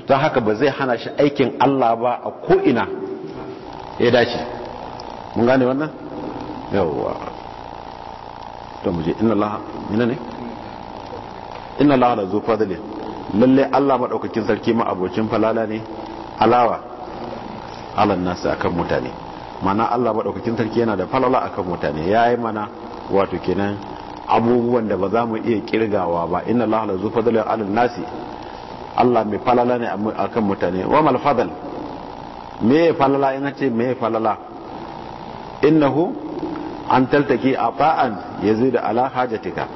don haka ba zai hana shi aikin Allah ba a ko ina ya dace mun gane wannan yawwa to muje inna allaha ina ne inna allaha la zu fadlin lalle Allah madaukakin sarki ma abocin falala ne alawa alan nasa akan mutane mana Allah madaukakin sarki yana da falala akan mutane yayi mana wato kenan abubuwan da ba za mu iya kirgawa ba inna allaha la zu fadlin alan nasi Allah mai falala ne akan mutane wa mal fadal me falala ina ce me falala innahu an taltake a fa'an ya zai da ala hajjatika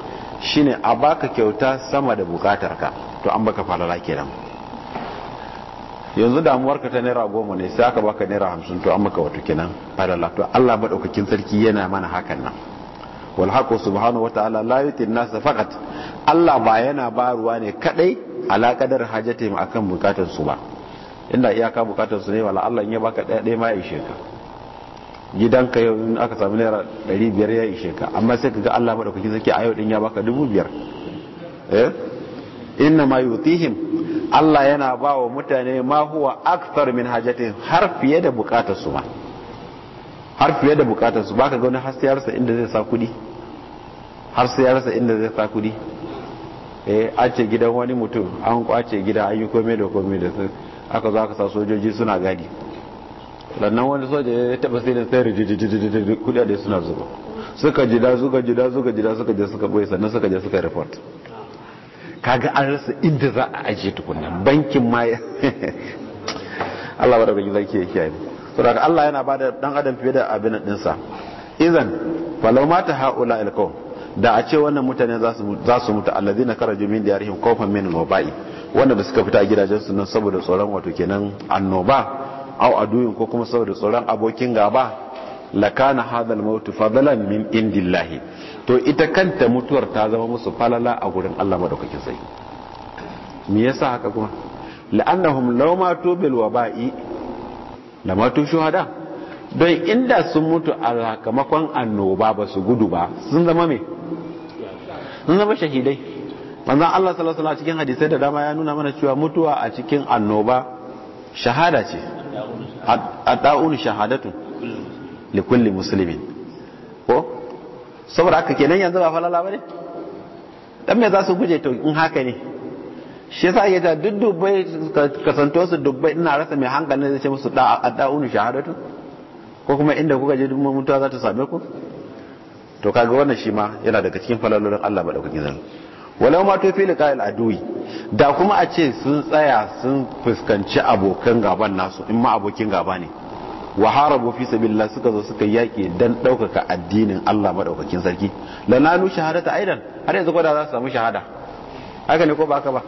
ne a baka kyauta sama da bukatarka to an baka falala kenan yanzu damuwarka ta naira goma ne sai aka baka naira hamsin to an baka wato kenan falala to allah maɗaukakin sarki yana mana hakan nan wal su subhanahu wataala la yuti an-nas fakat. allah ba yana baruwa ne kadai alaƙadar qadar hajatihim akan bukatar su ba inda iyaka bukatar su ne wala allah in ya baka ɗaya-ɗaya ma ya ishe ka gidanka yau in aka samu naira biyar ya ishe ka amma sai ka ga Allah madaukaki zaki a yau din ya baka biyar eh inna ma yutihim Allah yana ba wa mutane ma huwa akthar min hajati har fiye da bukatar su ma har fiye da bukatar su baka ga wani har sai ya rasa inda zai sa kudi har sai ya rasa inda zai sa kudi eh a ce gidan wani mutum an kwace gida an yi komai da komai da aka zo aka sa sojoji suna gadi lannan wani soja ya taba silin sai rijijijijijiji kudade suna zuba suka jida suka jida suka jida suka je suka boye sannan suka je suka report kaga an rasa inda za a ajiye tukunan bankin ma ya Allah ba da gani zaki kiyaye to daga Allah yana bada dan adam fiye da abin din sa idan falau mata haula alqawm da a ce wannan mutane za su za su mutu alladina karaju min diyarihim khawfan min wabai wanda suka fita gidajen su nan saboda tsoron wato kenan annoba aw aduyin ko kuma saboda tsoron abokin gaba lakana hadha al-maut fadlan min indillahi to ita kanta mutuwar ta zama musu falala a gurin Allah madaukakin sai me yasa haka kuma la'annahum law matu bil waba'i lamatu shuhada dai inda sun mutu a sakamakon annoba ba su gudu ba sun zama me sun zama shahidai manzon Allah sallallahu alaihi wasallam cikin hadisai da dama ya nuna mana cewa mutuwa a cikin annoba shahada ce a adda'un shahadatun likulli kulli ko saboda haka kenan yanzu ba falala ba ne, dan me za su guje to in haka ne shi yasa ya ta duk dubbai kasanto su dubbai ina rasa mai hankali zai ce musu adda'un shahadatun ko kuma inda kuka je duk mutuwa za ta same ku to kaga wannan shi ma yana daga cikin falalolin Allah madaukakin sarki walau ma tofi liqa da kuma a ce sun tsaya sun fuskanci abokan gaban nasu in ma abokin gaba ne wa harabu fi sabilillah suka zo suka yaki dan ɗaukaka addinin Allah maɗaukakin sarki shahada shahadata aidan har yanzu ko da za su samu shahada haka ne ko ba haka ba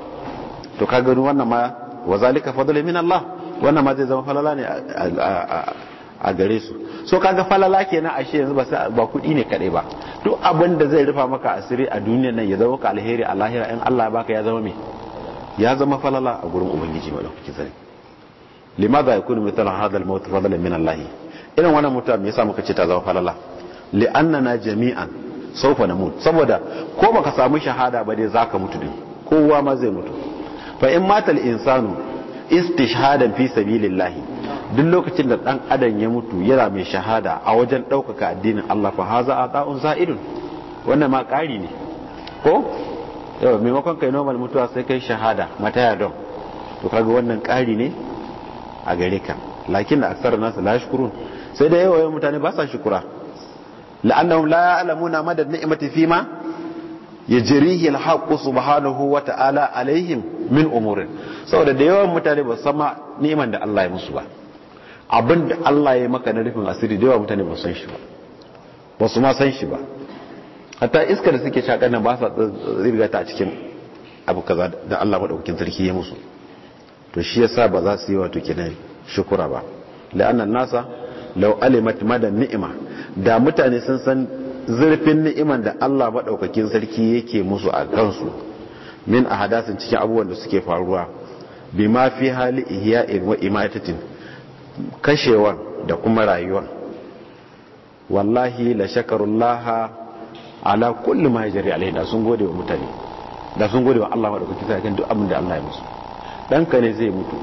to ka gani wannan ma wa zalika fadlu min Allah wannan ma zai zama falala ne a gare su so kaga falala kenan ashe yanzu ba kuɗi ne kadai ba duk abin da zai rufa maka asiri a duniyar nan ya zama ka alheri a lahira in Allah baka ya zama me ya zama falala a gurin ubangiji dauki zari limadha yakunu mithal hadha al-maut fadlan min Allah irin wannan mutum me yasa muka ce ta zama falala annana jami'an sawfa namut saboda ko baka samu shahada ba dai zaka mutu din kowa ma zai mutu fa in matal insanu istishhadan fi sabilillahi duk lokacin da dan adam ya mutu yana mai shahada a wajen ɗaukaka addinin Allah fa haza a za'idun wannan ma ƙari ne ko yau maimakon kai normal mutuwa sai kai shahada mataya don to kaga wannan ƙari ne a gare ka lakin da aksar nasu la shukurun sai da yawa mutane ba sa shukura la'annahum la ya'lamuna madad ni'mati fima yajrihi al-haqqu subhanahu wa ta'ala alaihim min umurin saboda da yawan mutane ba san ma ni'man da Allah ya musu ba abin da Allah ya maka na rufin asiri da yawa mutane ba san shi ba ba su ma san shi ba hatta iska da suke shaƙar nan ba sa zirga ta a cikin abu kaza da Allah maɗaukakin sarki ya musu to shi ya sa ba za su yi wato na shukura ba la'annan nasa lau alimat madan ni'ima da mutane sun san zurfin ni'iman da Allah maɗaukakin sarki yake musu a kansu min a hadasin cikin abubuwan da suke faruwa bima fi hali ihya'in wa imatatin kashewan da kuma rayuwan wallahi la shakarullaha ala kulli ma yajri alaihi da sun gode wa mutane da sun gode wa Allah wa da kuke kan duk abin da Allah ya musu dan ka ne zai mutu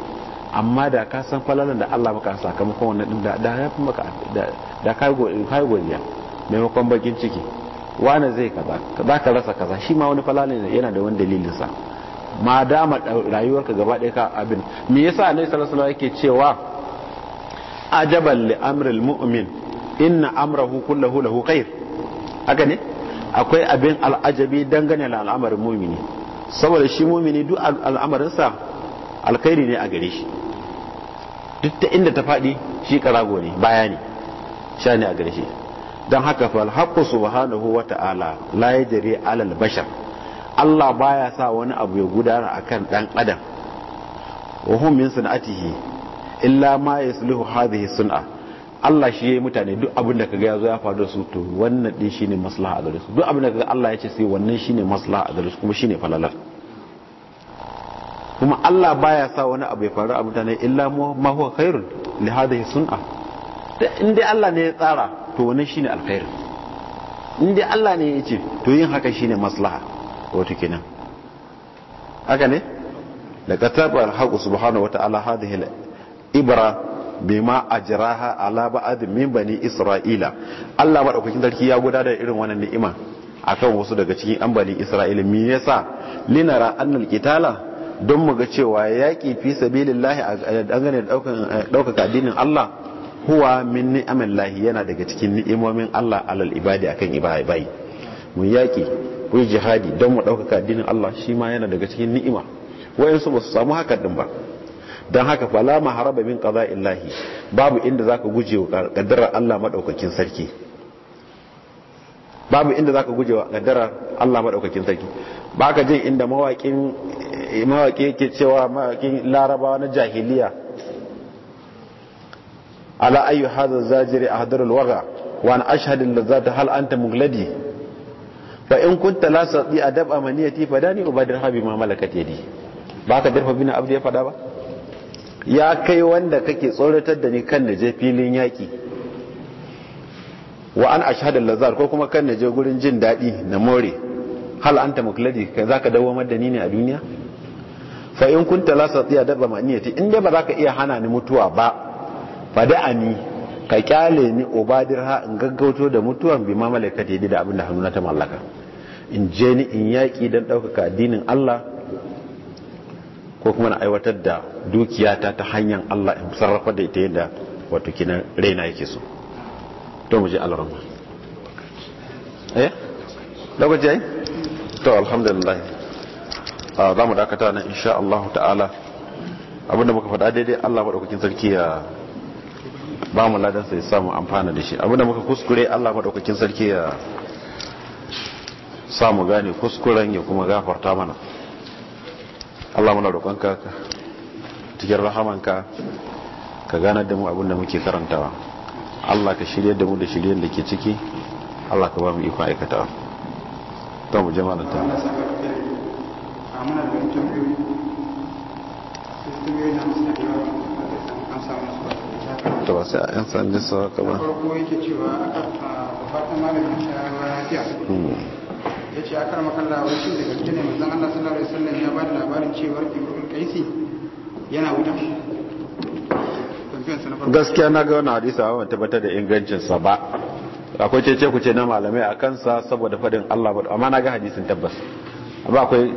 amma da ka san falalan da Allah maka sakamakon wannan din da da yafi maka da kai go in kai godiya maimakon bakin ciki wani zai kaza kaza ka rasa kaza shi ma wani falalan ne yana da wani dalilin sa ma dama rayuwarka gaba ɗaya ka abin me yasa annabi sallallahu alaihi wasallam yake cewa ajaban li amril mu'min inna amrahu kullahu lahu khair haka ne akwai abin al'ajabi dangane da al'amarin mumini saboda shi mumini duk al'amarinsa alkhairi ne a gare shi duk ta inda ta faɗi shi karago ne baya ne sha ne a gare shi don haka fal haqqu subhanahu wa ta'ala la yajri alal bashar Allah baya sa wani abu ya gudana akan dan adam wa hum min sanatihi illa ma yasluhu hadhihi sun'a Allah shi yayi mutane duk abin da kaga yazo ya faru su to wannan din shine maslaha a gare su duk abin da kaga Allah ya ce sai wannan shine maslaha a gare su kuma shine falalar kuma Allah baya sa wani abu ya faru a mutane illa ma huwa khairun li hadhihi sun'a in dai Allah ne ya tsara to wannan shine alkhair in dai Allah ne ya ce to yin haka shine maslaha wato kenan haka ne لقد kataba الحق سبحانه وتعالى هذه ibra bima ajraha ala ba'd min bani isra'ila Allah madaukakin sarki ya gudanar irin wannan ni'ima akan wasu daga cikin an bani isra'ila me yasa linara annal qitala don mu ga cewa yaƙi fi sabilillahi a dangane eh, ɗaukaka addinin Allah huwa min ni'amin lahi yana daga cikin ni'imomin Allah alal ibadi akan ibai mu yaƙi ku jihadi don mu ɗaukaka addinin Allah shi ma yana daga cikin ni'ima wayansu ba su samu hakan din ba don haka fala haraba min kaza illahi babu inda ka guje wa kaddarar Allah maɗaukakin sarki babu inda ka guje wa kaddarar Allah maɗaukakin sarki baka jin inda mawaƙin mawaƙi yake cewa mawaƙin larabawa na jahiliya ala ayyu hadha zajiri a ahdarul waga wa da za ta hal anta mugladi fa in kunta lasa a sadi adab amaniyati fadani ubadir habi ma malakat yadi ka darfa bin abdi ya fada ba ya kai wanda kake tsoratar da ni kan na je filin yaƙi wa an ashhadul lazar ko kuma kan na je gurin jin daɗi na more hal an kai za ka dawo madani ne a duniya fa in kunta la satiya dabba maniyati in dai ba za ka iya hana ni mutuwa ba fa ni, ka kyale ni obadir ha in gaggauto da mutuwan bi ma malaka da abin da hannuna ta mallaka in je ni in yaƙi don ɗaukaka addinin Allah ko kuma na aiwatar da dukiyata ta hanyar Allah in sarrafa da ita yadda wato kina raina yake so to mu je alrama eh lokaci ai to alhamdulillah a ah, za mu dakata nan insha Allah ta'ala abinda muka faɗa daidai Allah madaukakin sarki ya ba mu ladan sai samu amfana da shi abinda muka kuskure Allah madaukakin sarki ya samu gane kuskuren ya kuma gafarta mana Allah muna roƙonka cikin rahamanka ka Gana da mu abin da muke karantawa Allah ka shirya da mu da shiryen da ke ciki Allah ka ba mu ikon aikatawa ta mu jama'a ta nasa ta ba a yan farko yake cewa ah, ah, a malamin ya ce akar makalla wai shi da gaske ne manzan Allah sallallahu alaihi wasallam ya ba da labarin cewar Ibrahim Kaisi yana wuta gaskiya na ga wani hadisa a wani tabbatar da ingancin sa ba akwai cece ku ce na malamai a kansa saboda fadin Allah ba amma na ga hadisin tabbas amma akwai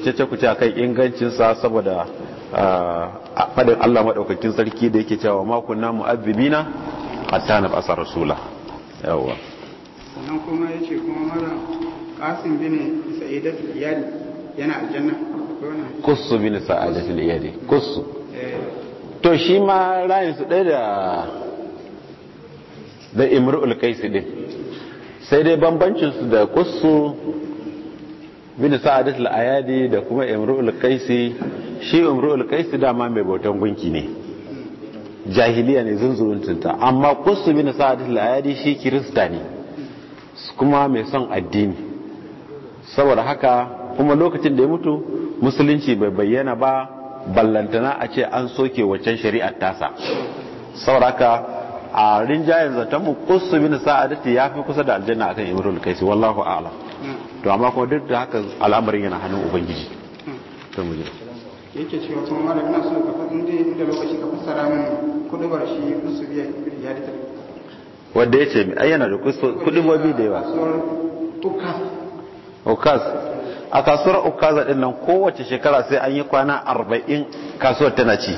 cece ku ce akan sa saboda ah, fadin Allah madaukakin sarki da yake cewa ma kunna mu'azzibina hatta na asar rasula yawa sannan kuma yace kuma mara qasim bin sa'idat al-iyadi yana aljanna qussu bin sa'adat al-iyadi eh. to shi ma rayin su ɗaya da da imru'ul kaisi din sai dai bambancin su da kusu bin sa'adat al da kuma imru'ul kaisi shi imrul kaisi dama mai bautan gunki ne jahiliya ne zunzuruntunta amma kusu bin sa'adat ayadi shi kirista ne kuma mai son addini saboda haka kuma lokacin da ya mutu musulunci bai bayyana ba ballantana a ce an soke waccan shari'ar tasa saboda haka a rinjayen zaton mu kusu bin sa'adati ya fi kusa da aljanna akan imrul kaisi wallahu a'lam to amma kuma duk da haka al'amarin yana hannun ubangiji to mu yake cewa kuma malam na so ka fadin dai inda lokaci ka fassara min kudubar shi usubiya riyadita wanda yace ai yana da kudubobi da yawa okaz a kasuwar okaza ɗin nan kowace shekara sai an yi kwana arba'in kasuwar tana ci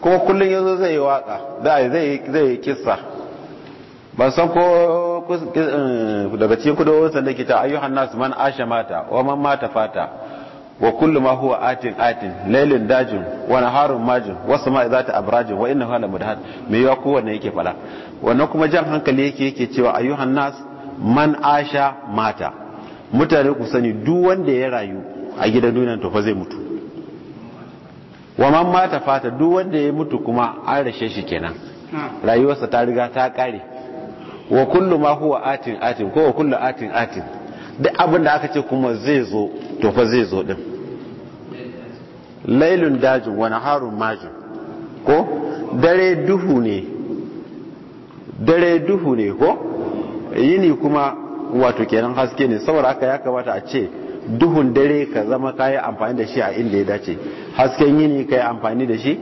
kuma kullum yanzu zai yi waka zai yi kisa. ba san ko eh, daga cikin kudowar sanda ke ta ayyuhan nasu man ashe mata wa man mata fata wa kullum ma huwa atin atin lailin dajin wani harin majin wasu ma ta abrajin wa inna hala mudhad me yawa kowane yake fada wannan kuma jan hankali yake yake cewa ayyuhan nas man asha mata mutane ku sani duk wanda ya rayu a gidan duniya to fa zai mutu wa man mata fata duk wanda ya mutu kuma an rashe shi kenan rayuwarsa ta riga ta kare wa kullu ma huwa atin atin ko wa kullu atin atin duk abin da aka ce kuma zai zo to fa zai zo din lailun dajin wani harun majin ko dare duhu ne dare duhu ne ko yini kuma wato kenan haske ne saboda haka ya kamata a ce duhun dare ka zama ka yi amfani da shi a inda ya dace hasken yini ka yi amfani da shi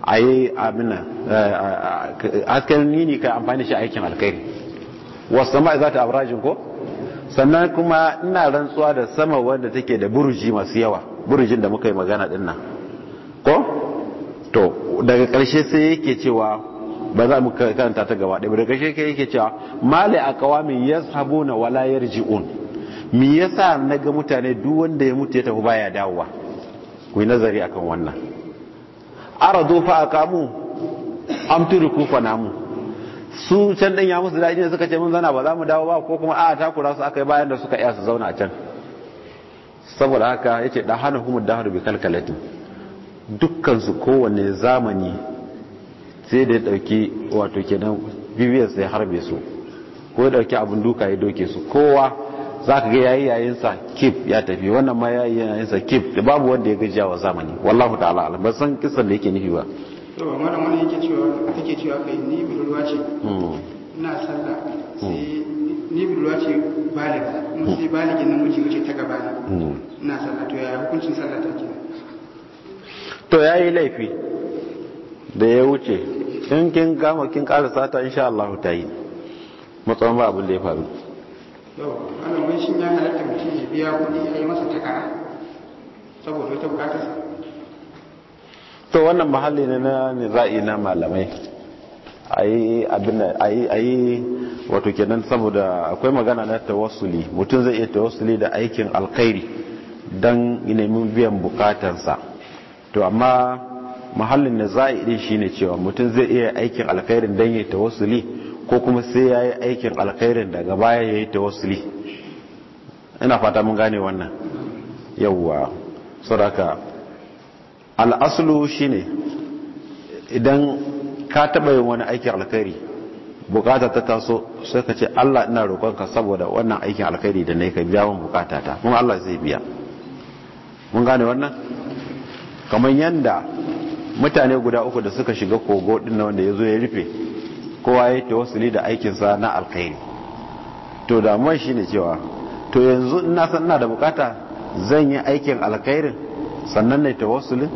a yi amina eh, hasken yini ka yi amfani da shi a aikin alkhairi wasu sama za ta abrajin ko sannan kuma ina rantsuwa da sama wanda take da buruji masu yawa burujin da muka yi magana dinnan ko to daga karshe sai yake cewa ba za mu karanta ta gaba ɗaya daga kashe yake cewa mali a walayar ji'un mi ya me na ga mutane duk wanda ya mutu ya tafi baya dawowa ku yi nazari akan wannan aradu fa aqamu am turuku fa namu su can ɗin ya musu daɗi ne suka ce mun zana ba za mu dawo ba ko kuma a takura su aka yi bayan da suka iya su zauna a can saboda haka yace ɗan hana hukumar dahar bi kalkalatin dukkan su zamani sai da ya dauki wato kenan bibiyar sai harbe su ko ya dauki abin duka ya doke su kowa za ka ga yayi yayin sa kip ya tafi wannan ma yayi yayin sa kip da babu wanda ya gajiya wa zamani wallahu ta'ala alam ban san kisan da yake nufi ba to hmm. hmm. sallah to ya hukuncin to yayi laifi da ya wuce in kin gama kin ƙara sata insha Allah ta yi matsayin ba abin da ya faru wannan wai shi ya halatta mutum ya biya kuɗi ya yi masa takara saboda wata bukatar to wannan mahalli ne na niza'i na malamai ayi abin ayi ayi wato kenan saboda akwai magana na tawassuli mutum zai iya tawassuli da aikin alkhairi dan neman biyan bukatansa to amma mahallin iri shi ne cewa mutum zai iya aikin alkhairin dan ta wasuli ko kuma sai ya yi aikin alkhairin daga baya ya yi ta wasuli ina fata mun gane wannan yawwa sadaka al'aslu ne idan ka taba yin wani aikin alkhairi bukata ta taso sai ka ce Allah ina roƙonka saboda wannan aikin alkhairi da yi ka biya min bukata ta kuma Allah zai biya mun gane wannan kamar yanda mutane guda uku da suka shiga kogo din na wanda ya zo ya rufe kowa ya tawassuli da aikinsa na alkhairi to damuwar shi ne cewa to yanzu ina san ina da bukata zan yi aikin alkhairin sannan na tawassulin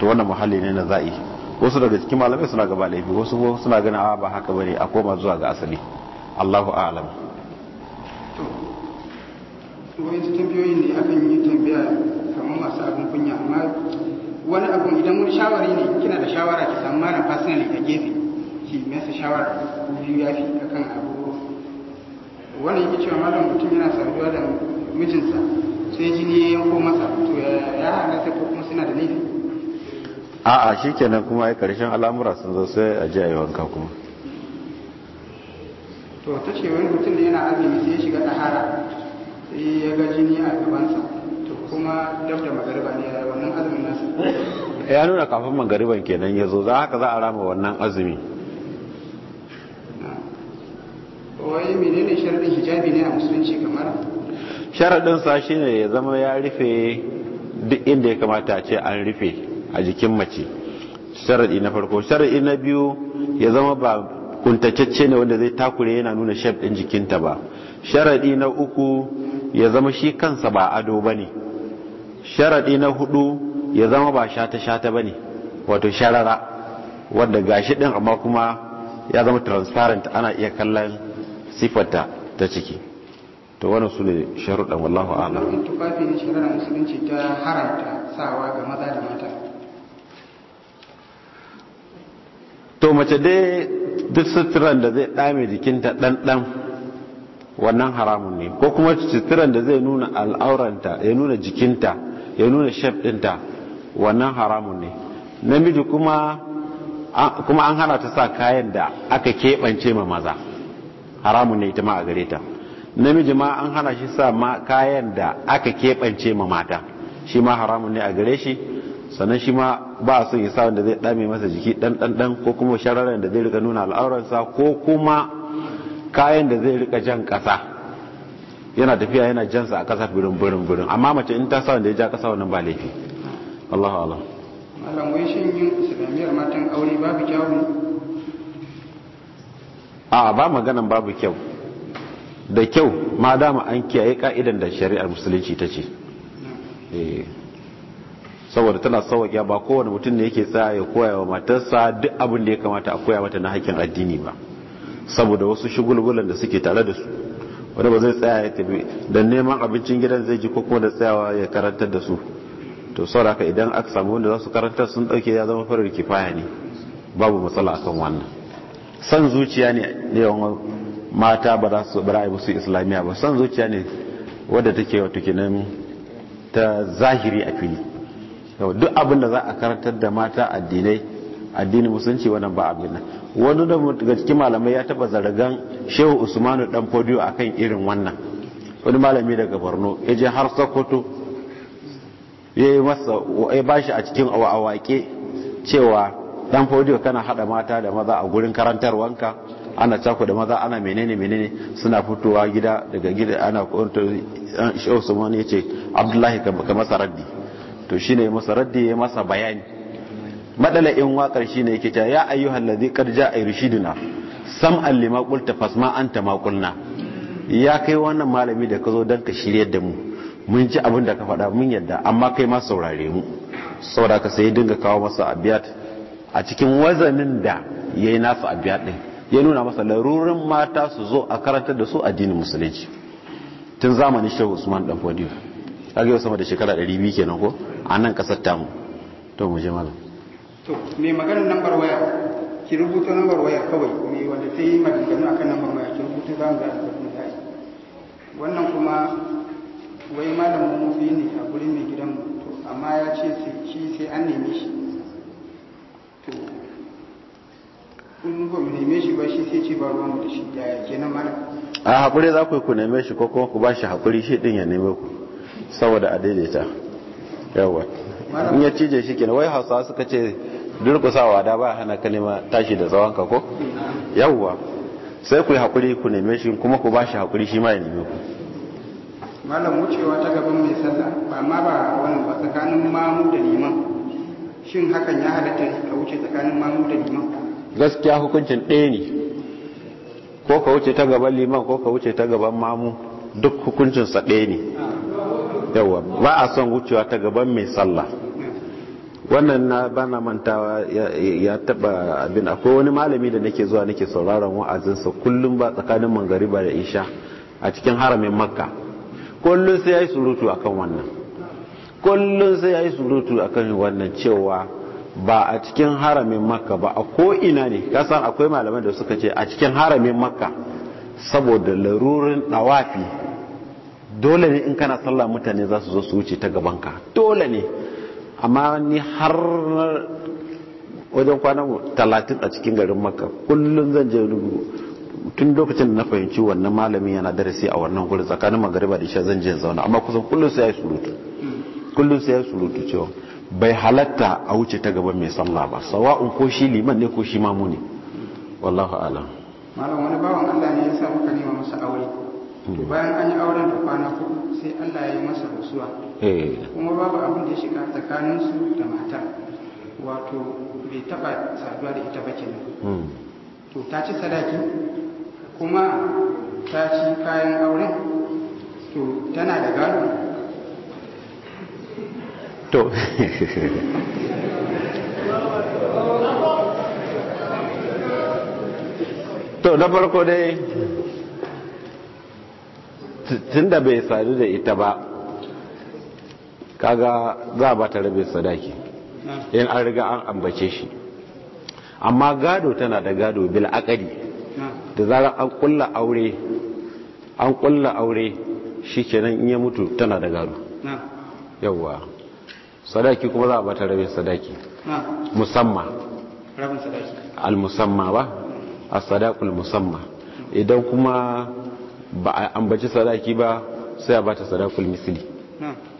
to wannan muhalli ne na za'i wasu daga cikin malamai suna gaba laifi wasu suna ganin awa ba haka bane a koma zuwa ga asali Allahu a'lam wani tambayoyin ne akan yi tambaya kamar masu abin kunya amma wani abu idan wani shawari ne kina da shawara ki samu malam personally a gefe ki masa shawara ko biyu ya fi akan abu wani yake cewa malam mutum yana saduwa da mijinsa sai jini ya yanko masa to ya sai ko kuma suna da laifi a'a shikenan kuma ai karshen al'amura sun zo sai a ji wanka kuma to ta ce wani mutum da yana azumi sai ya shiga tahara sai ya ga jini a gabansa kuma dab da magariba ne ya wannan azumin nasu ya nuna kafin magariban kenan ya zo za haka za a rama wannan azumi wai menene sharadin hijabi ne a musulunci kamar sharadin sa shine ya zama ya rufe duk inda ya kamata a ce an rufe a jikin mace sharadi na farko sharadi na biyu ya zama ba kuntacecce ne wanda zai takure yana nuna shaf din jikinta ba sharadi na uku ya zama shi kansa ba ado bane sharaɗi na hudu ya zama ba shata-shata ba ne wato sharara wadda gashi ɗin amma kuma ya zama transparent ana iya kallon siffarta ta ciki to wani su ne sharuɗan wallahu ala tufafi ne musulunci ta sawa ga maza da mata to mace dai duk suturan da zai ɗame jikinta ɗanɗan wannan haramun ne ko kuma suturan da zai nuna al'auranta ya nuna jikinta ya nuna shef dinta wannan haramun ne namiji kuma kuma an hana ta sa kayan da aka keɓance ma maza haramun ne ita ma a gare ta namiji ma an hana shi sa ma kayan da aka keɓance ma mata shi ma haramun ne a gare shi sannan shi ma ba a son ya sa wanda zai ɗame masa jiki ɗan ɗan ɗan ko kuma shararen da zai rika nuna al'aurarsa ko kuma kayan da zai rika jan ƙasa yana tafiya yana jansa a kasa birin birin birin amma mace in ta sa wanda ya ja kasa wannan ba laifi Allahu Allah malam wai shin yin islamiyar matan aure babu kyau a ba maganan babu kyau da kyau ma dama an kiyaye ka'idan da shari'ar musulunci ta ce eh. saboda tana sauwaƙe ba kowane mutum ne yake tsaya ya koya wa matarsa duk abin da ya kamata a koya mata na hakkin addini ba saboda wasu shugulgulan da suke tare da su wanda ba zai tsaya ya tafi da neman abincin gidan zai ji ko kuma da tsayawa ya karantar da su to sauraka idan aka samu wanda za su karantar sun dauke ya zama farar kifaya ne babu matsala akan wannan san zuciya ne ne yawan mata ba za su bara musu islamiya ba san zuciya ne wadda take wato kenan ta zahiri a fili duk abin da za a karantar da mata addinai addinin musulunci wannan ba abin nan wani daga cikin malamai ya taba zargan shehu usmanu dan fodiyo akan irin wannan wani malami daga borno ya je har sokoto ya yi masa ya bashi a cikin awake cewa dan fodiyo kana hada mata da maza a gurin karantarwanka ana cako da maza ana menene menene suna fitowa gida daga gida ana kwanto shehu usmanu ya ce abdullahi ka masa raddi to shine masa raddi ya masa bayani madala'in in wakar ne yake ta ya ayyuhan ladhi qad ja'a irshiduna sam'an lima qulta fasma anta ma qulna ya kai wannan malami da ka zo dan ka shiryar da mu mun ji abin da ka faɗa mun yadda amma kai ma saurare mu saboda ka sai dinga kawo masa abiyat a cikin wazanin da yayi nasu abiyat din ya nuna masa larurin mata su zo a karantar da su addinin musulunci tun zamanin shehu usman dan fodiyo kage sama da shekara 200 kenan ko a nan kasar tamu to mu je malam to mai maganar nambar waya ki rubuta nambar waya kawai mai wanda ta yi maganganu kan nambar waya ki rubuta za mu ga albarkun da wannan kuma wai malamin mu ne a gurin mai gidan to amma ya ce shi sai an neme shi to kun ba mu neme shi ba shi sai ce ba ruwan da shi yake kenan malam a haƙuri za ku yi ku neme shi ko kuma ku ba shi haƙuri shi ɗin ya neme ku saboda a daidaita yawa in ya cije shi kenan wai hausawa suka ce durkusawa da ba hana kalima tashi da tsawon ka ko yawwa sai ku yi hakuri ku neme shi kuma ku ba shi hakuri shi ma ya neme ku malam wucewa ta gaban mai sallah ba ma ba wannan ba tsakanin mamu da liman shin hakan ya halatta ka wuce tsakanin mamu da liman gaskiya hukuncin ɗaya ne ko ka wuce ta gaban liman ko ka wuce ta gaban mamu duk hukuncin sa ɗaya ne Yawwa ba a son wucewa ta gaban mai sallah wannan na bana mantawa ya taba abin akwai wani malami da nake zuwa nake sauraron wa'azinsa kullum ba tsakanin ba da isha a cikin haramin makka kullum sai yayi surutu akan wannan kullum sai yayi surutu akan wannan cewa ba a cikin haramin makka ba a ko ina ne kasan akwai malaman da suka ce a cikin haramin makka saboda larurin dawafi dole ne in kana sallah mutane za su zo su wuce ta gabanka dole ne amma ni har wajen kwana talatin a cikin garin maka kullum zan je rubu tun lokacin da na fahimci wannan malamin yana darasi a wannan gurin tsakanin magariba da isha zan je zauna amma kusan kullum sai ya surutu kullum sai ya surutu cewa bai halatta a wuce ta gaban mai sallah ba sawa'un ko shi liman ne ko shi mamu ne wallahu alam ne ya sa muka nema masa Hmm. bayan an yi auren da kwana hudu sai Allah ya yi masa rasuwa eh. kuma babu abin da ya shiga tsakanin su da mata wato bai taba saduwa da ita ba kenan hmm. to ta ci sadaki kuma ta ci kayan auren to tana da gado to to na farko dai tun da bai sadu da ita ba kaga za ba ta rabin sadaki in an riga an ambace shi amma gado tana da gado bil akadi da zarar an kulla aure an kulla aure shikenan in ya mutu tana da gado yawwa sadaki kuma za a bata rabin sadaki musamman al musamman ba a sadakul musamman idan kuma ba a ambaci sadaki ba sai a bata sadakul misli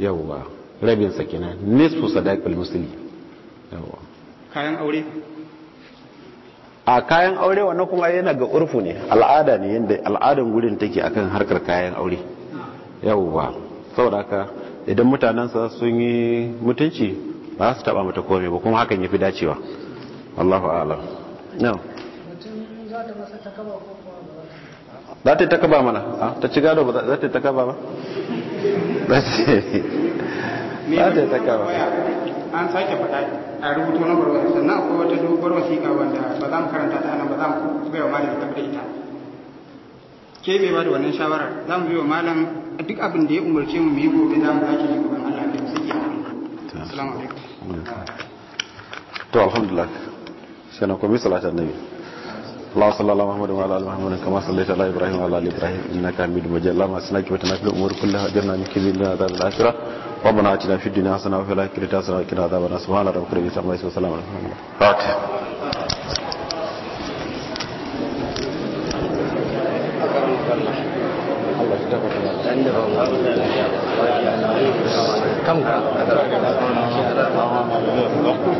yawwa rabin sa kenan nisfu sadakul misli yawwa kayan aure a kayan aure wannan kuma yana ga urfu ne al'ada ne yanda al'adan gurin take akan harkar kayan aure yawwa saboda haka idan mutanen sa sun yi mutunci ba su taba mata komai ba kuma hakan ya fi dacewa Allahu a'lam na'am za ta yi takaba mana ta ci gado ba za ta yi takaba kaba ba za ta yi takaba an sake fada a rubuto na barwa sannan akwai wata doguwar wasiƙa wanda ba za mu karanta ta nan ba za mu gaya wa malam ta da ita ke mai ba da wannan shawara za mu biyo wa malam duk abin da ya umarce mu mu yi gobe za mu zaki gaban Allah kai sai ya assalamu alaikum to alhamdulillah sai na komai salatu annabi اللهم صل على محمد وعلى ال محمد كما صليت على ابراهيم وعلى ال ابراهيم انك حميد مجيد اللهم اسلك وتنا في الامور كلها اجرنا من كيد الدنيا عذاب الاخره ربنا اتنا في الدنيا حسنه وفي الاخره حسنه وقنا عذاب النار سبحان ربك رب العزه عما يصفون وسلام على المرسلين فاتح كم كان